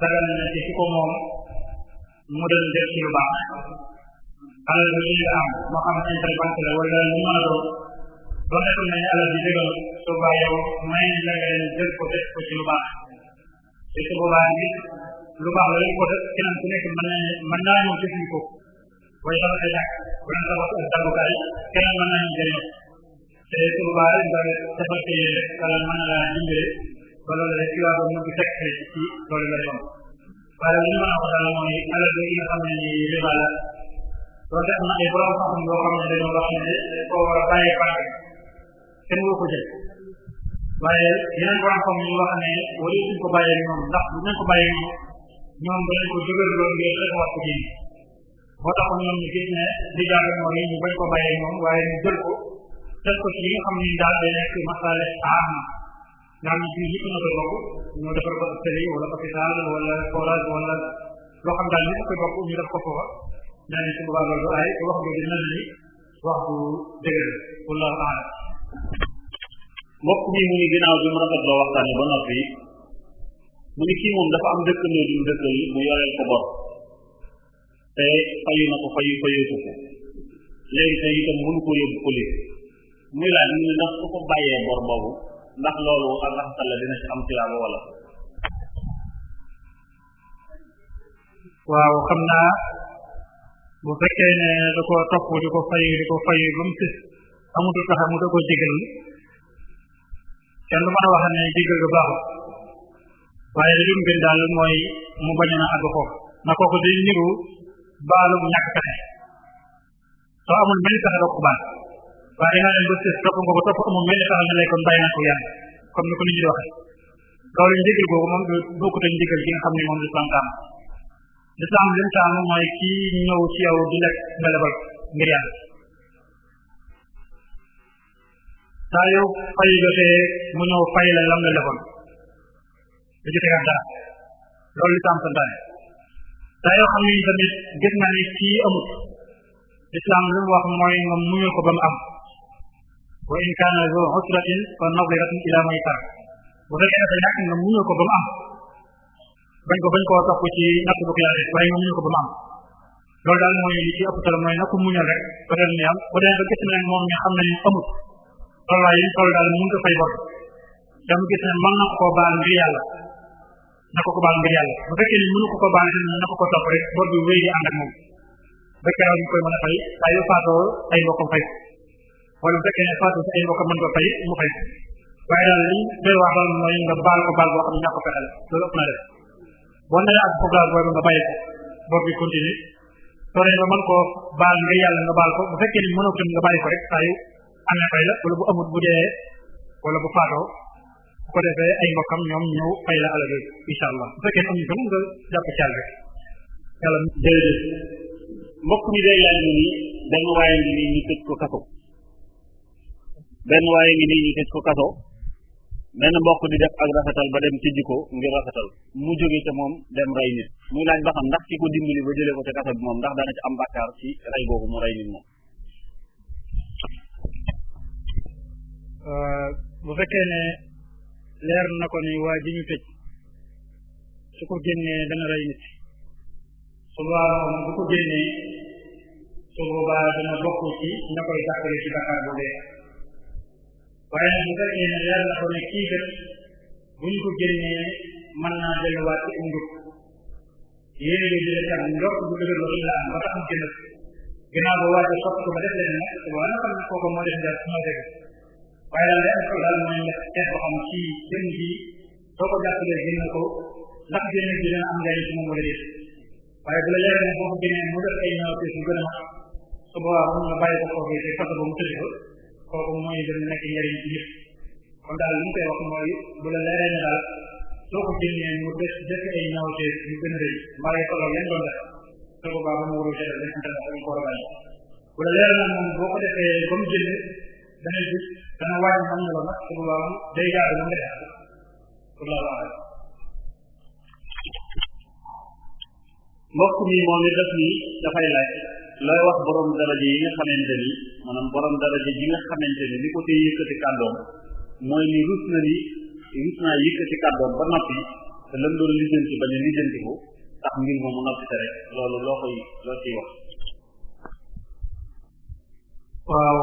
[SPEAKER 1] dagal na ci ki ko moom mu dem def ci lu baax alal jooju nga am moo xam interbanque la wala lu mën a doon ba nekkul ne alal bi dëgal su baa yow may la nga dem jël ko def ko ci lu baax te su boobaa nit lu baax la lañ ko def keneen ku nekk mën naa mën naa ñëw jëfin ko booy tabax ay jàkk bu leen tabax ak dallukaay keneen mën naa ñu jëriñ te su boobaa rek nga tabaxee wala mën na laa dimbale ba loolu rek ci waa ba mun fekk ci loolu la yomb waaye li ñu mën a ko daal mooy alal bi nga xam ne ni riba la loolu de am na ay borom xam yoo xam ne dañoo wax ne koo war a bàyyi banque kenn woo ko jël waaye yeneen borom xam ñu wax ne wala suñ ko bàyyee ñoom ndax bu ngeen ko bàyyee ñoom ñoom dañ ko dëgërloon ngir rek wax ko diine moo tax ñoom ñu gis ne li jaaga mooy ñu bañ ko bàyyee moom waaye ñu jël ko teg ko ci li nga xam ne daal day nekk masale aam ndax ñu ci yëpp na koy bokk ñu defar ko tëli wala hôpital wala forage wala loo xam daal ñëpp koy bokk ñu def ko foofa nee nañ ci boobaa loolu ay wax bi dina la ni wax bu dëgër wallahu aalam mbokk mi mu ni ginnaaw bi mu rafet loo waxtaan ba noppi mu ne kii moom dafa am dëkkandoo ju dëkkal mu yoreel ko bor te fayu na ko fayu fayeeku ko léegi te itam mënu ko yóbbu police muy laaj ñu ne ndax su ko bàyyee bor boobu ndax loolu ak ndax la dina ci am tilaaba wala waaw xam naa bu fekkee ne da ko topp di ko fay di ko fay ba mu sis amutu tax mu da ko jégal kenn du mën a wax ne jégal du baaxul waaye li gën daal mooy mu bañ a àgg na kooku day niru baalum ñàkk pexe soo amul mel pexe doo ko baal waaye nga dem si topp nga topp amul mel pexe ne lay kon bàyyi naa ko yàlla comme ni ko nit ñi di waxee loolu moom du bokkut ak ndigal gi nga xam ne moom lislaam tàmm lislaam lim tàmm mooy kii ñëw ci yow di lekk nga lebal ngir yàlla saa yow fay mu ñëw fay la lam la da jotee ak loolu lislaam santaane daa xam ne nga muñul ko ba mu am wa in kaana zo usratin fa nadiratun ila maysar bu fekkee dafa nga muñul ko ba mu am bañ ko bañ koo topp ci natt bu ko yàlla waaye nga muñul ko ba am loolu daal mooy li ci ëpp solo mooy na ko ba dem ne am ba demee ba gis na ne moom ñu xam ne amut tolluwaay daal mënut a ne mën na baal ngir yàlla na ko ko baal ngir yàlla bu fekkee ne mënu ko ko baal na ko ko topp rek bor bi wéy di ànd ak moom ba keroog ñu koy mën a fay saa yu faatoo ay mbokkam fay wala bu fekkee ne faatoo si ay mbokkam mën ko fay mu fay waaye daal liñ doy wax daal mooy nga baal ko baal boo xam ne ñàkk ko fexeel loolu ëpp na def boo nee ak programme boobu nga bàyyi ko bor bi continuer soo nee ba mën koo baal ngir yàlla nga baal ko bu fekkee ne mënoo ko nga bàyyi ko rek saa yu amee fay la wala bu amul bu dee wala bu faatoo ko defee ay mbokkam ñoom ñëw fay am ñu ko moom nga jàpp ci àll rek yàlla waaye ngi nii ñu tëj ko kaso benn waaye ngi nii ñu tëj kaso benn mbokk di def ak ba dem tijji ko mu jóge ca moom dem rey nit muy laaj ba xam ndax ki ko dimbali ba jëlee ko kaso moom ndax dana ci am bàkkaar ci boobu mu rey nit moom euh, bu fekkee leer na ko ne waa ji ñu tëj su ko génnee dana rey nit su boobaa kon ko génnee su boobaa dana ko génnee mën naa delluwaat ci am njub yéen ñu jëlee bu dëgër loolu la am tax mu génn ginnaaw ba waa ji ko ba def leen nag su boobaa nag kooku moo def daal moo dëgg waaye daal day am solo daal mooy nga seet ba xam ci jëm bi soo ko jàppalee génn ko ndax génn bi dina am njëriñ ci moom wala déet waaye bu la leeree ne boo ko génnee mu def ay ñaaw su gën a mag su boobaa mun nga bàyyi ko foofu te fas ba mu tëdd ko kooku mooy gën a nekk njëriñ ci ñëpp kon daal li mu koy wax mooy bu la leeree ne daal soo ko génnee mu def def ay ñaaw yu gën a rëy mbaa yi tolloog leen doon def su boobaa ba mu warul tëdd rek mu tëdd ko war a bàyyi bu la leeree nag moom boo ko defee ba mu génn beneen bi dana wàññi xam ne la nag pour loolu day jaadu lu nga def pour loolu am mbokk mi moom it def nii dafay laaj looy wax borom daraja yi nga xamante ni maanaam borom daraja yi nga xamante ni li ko tey yëkkati kàddoom mooy ni rus na ni rus naa yëkkati kàddoom ba noppi te lan doon lijjanti bañ a lijjanti ko tax ngir moom mu noppi te rek loolu loo koy loo ciy wax waaw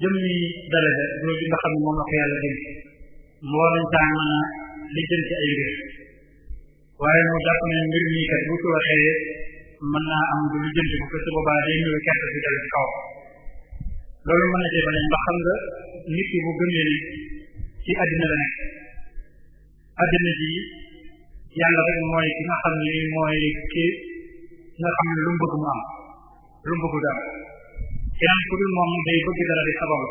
[SPEAKER 1] jëmmi délégué loolu nga xam ne moom la ko yàlla dégg moo lañ caa mën a lijjanti ay mbir waaye mu jàpp ne mbir mii kat bu ci waxee mën naa am du lijjanti ci bu gëmee ni ci àddina la nekk àddina ji yàlla rek mooy ki nga xam ne mooy ki nga xam ne lu mu mu am lu mu du am keneen ku dul moom day dara di sabab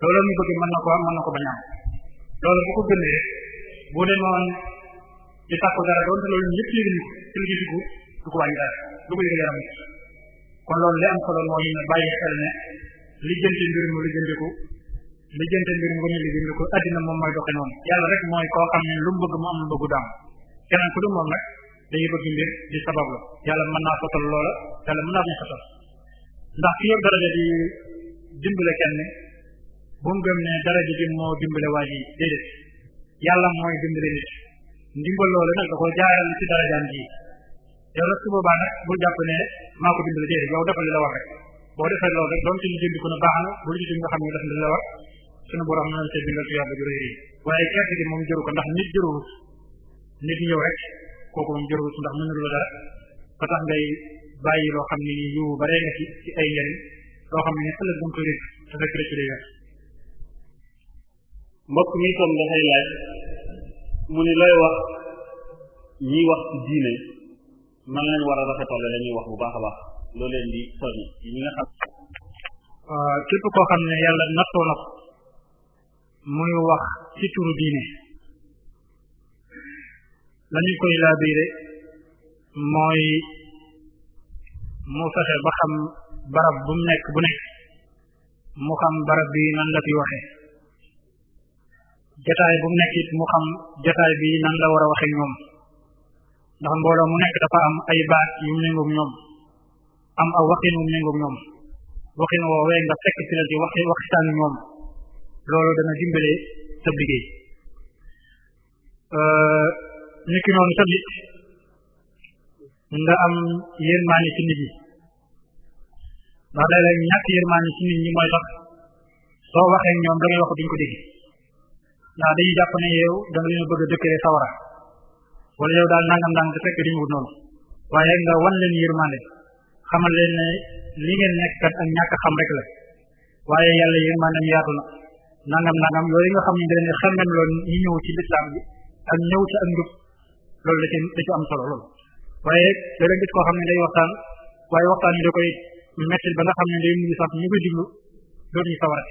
[SPEAKER 1] loolu mu bëgg mën na ko am mën na ko bañ am loolu bu ko gënee bu demoon di sàkku dara doonte loolu ñëpp yëg ñu ko ci lu du ko wàññi dara du ko kon loolu li am solo mooy ñu bàyyi xel ne lijjanti mbir mu lijjantiku lijjanti mbir mu lijjantiku addina moom mooy doxe noonu yàlla rek mooy koo xam ne lu mu bëgg mu am lu bëggu daam keneen ku di sabab la yàlla naa sottal loola yàlla mën naa bañ sottal ndax ki yor daraja di dimbale kenn bu mu ne daraja bi moo dimbale waa ji déedéet yàlla mooy dimbale nit ndimbal loolu nag da ko jaarale ci darajaam ji yow nag su boobaa nag bul jàpp ne maa ko dimbale déedéet yow defal li la war rek boo defee loolu rek doonte ñu jënd ko na baax na bul ñu jënd nga xam ne def na li la war suñu borom na la ca bindal tuyaaba ju réy waaye gerte gi moom jëru ko ndax nit jëruwut nit ñëw rek kooku la dara ba bàyyi loo xam ne nii yu baree na ci ci ay njëriñ loo xam ne ni ëllëg buñ ko rëcc te mu ni looy wax ñiy wax ci diine man lañ war a rafetale la ñuy wax bu baax a baax loo euh, xam ne yàlla nattoo na ko muy wax ci turu diine lañu koy laabiire mooy mu fexe ba xam barab bu mu nekk bu nekk mu xam barab bi nan la fi waxee jataay bu mu nekk mu xam jataay bi nan la war a waxee ñoom ndax mbooloo mu nekk dafa am ay baat yu méngoog ñoom am aw waxin wu méngoog ñoom waxin woowee nga fekk ci la di wax waxtaan ñoom loolu dana dimbale sa liggéey euh, niki nga am yéen maa nit yi ndax léeg-léeg ñàkk yërmaande ci nit ñi mooy tax soo waxee ñoom da ngay wax duñ ko dégg ndax dañuy jàpp ne yow da nga bëgg a dëkkalee sawara wala yow daal nangam nangam te fekk di ñu noonu waaye nga wan leen yërmaande xamal leen ne li ngeen nekk kat ak ñàkk xam rek la waaye yàlla yërmaandeem yaatu na nangam nangam yooyu nga xam ne da leen xemmem loolu ñu ñëw ci lislaam bi ak ñëw ci ak njub loolu da ci da ci am solo loolu waaye da nga koo xam ne day waxtaan waaye waxtaan métti ba nga xam ne day mujj sax ñu koy diglu sawara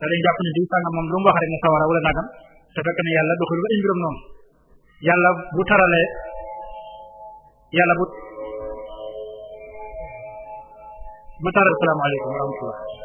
[SPEAKER 1] da dañ jàpp ne diw sàngam moom lu mu sawara wala nagam te fekk ne yàlla doxul ba ay mbiram noonu yàlla bu taralee yàlla bu bu taral salaamaaleykum wa rahmatullah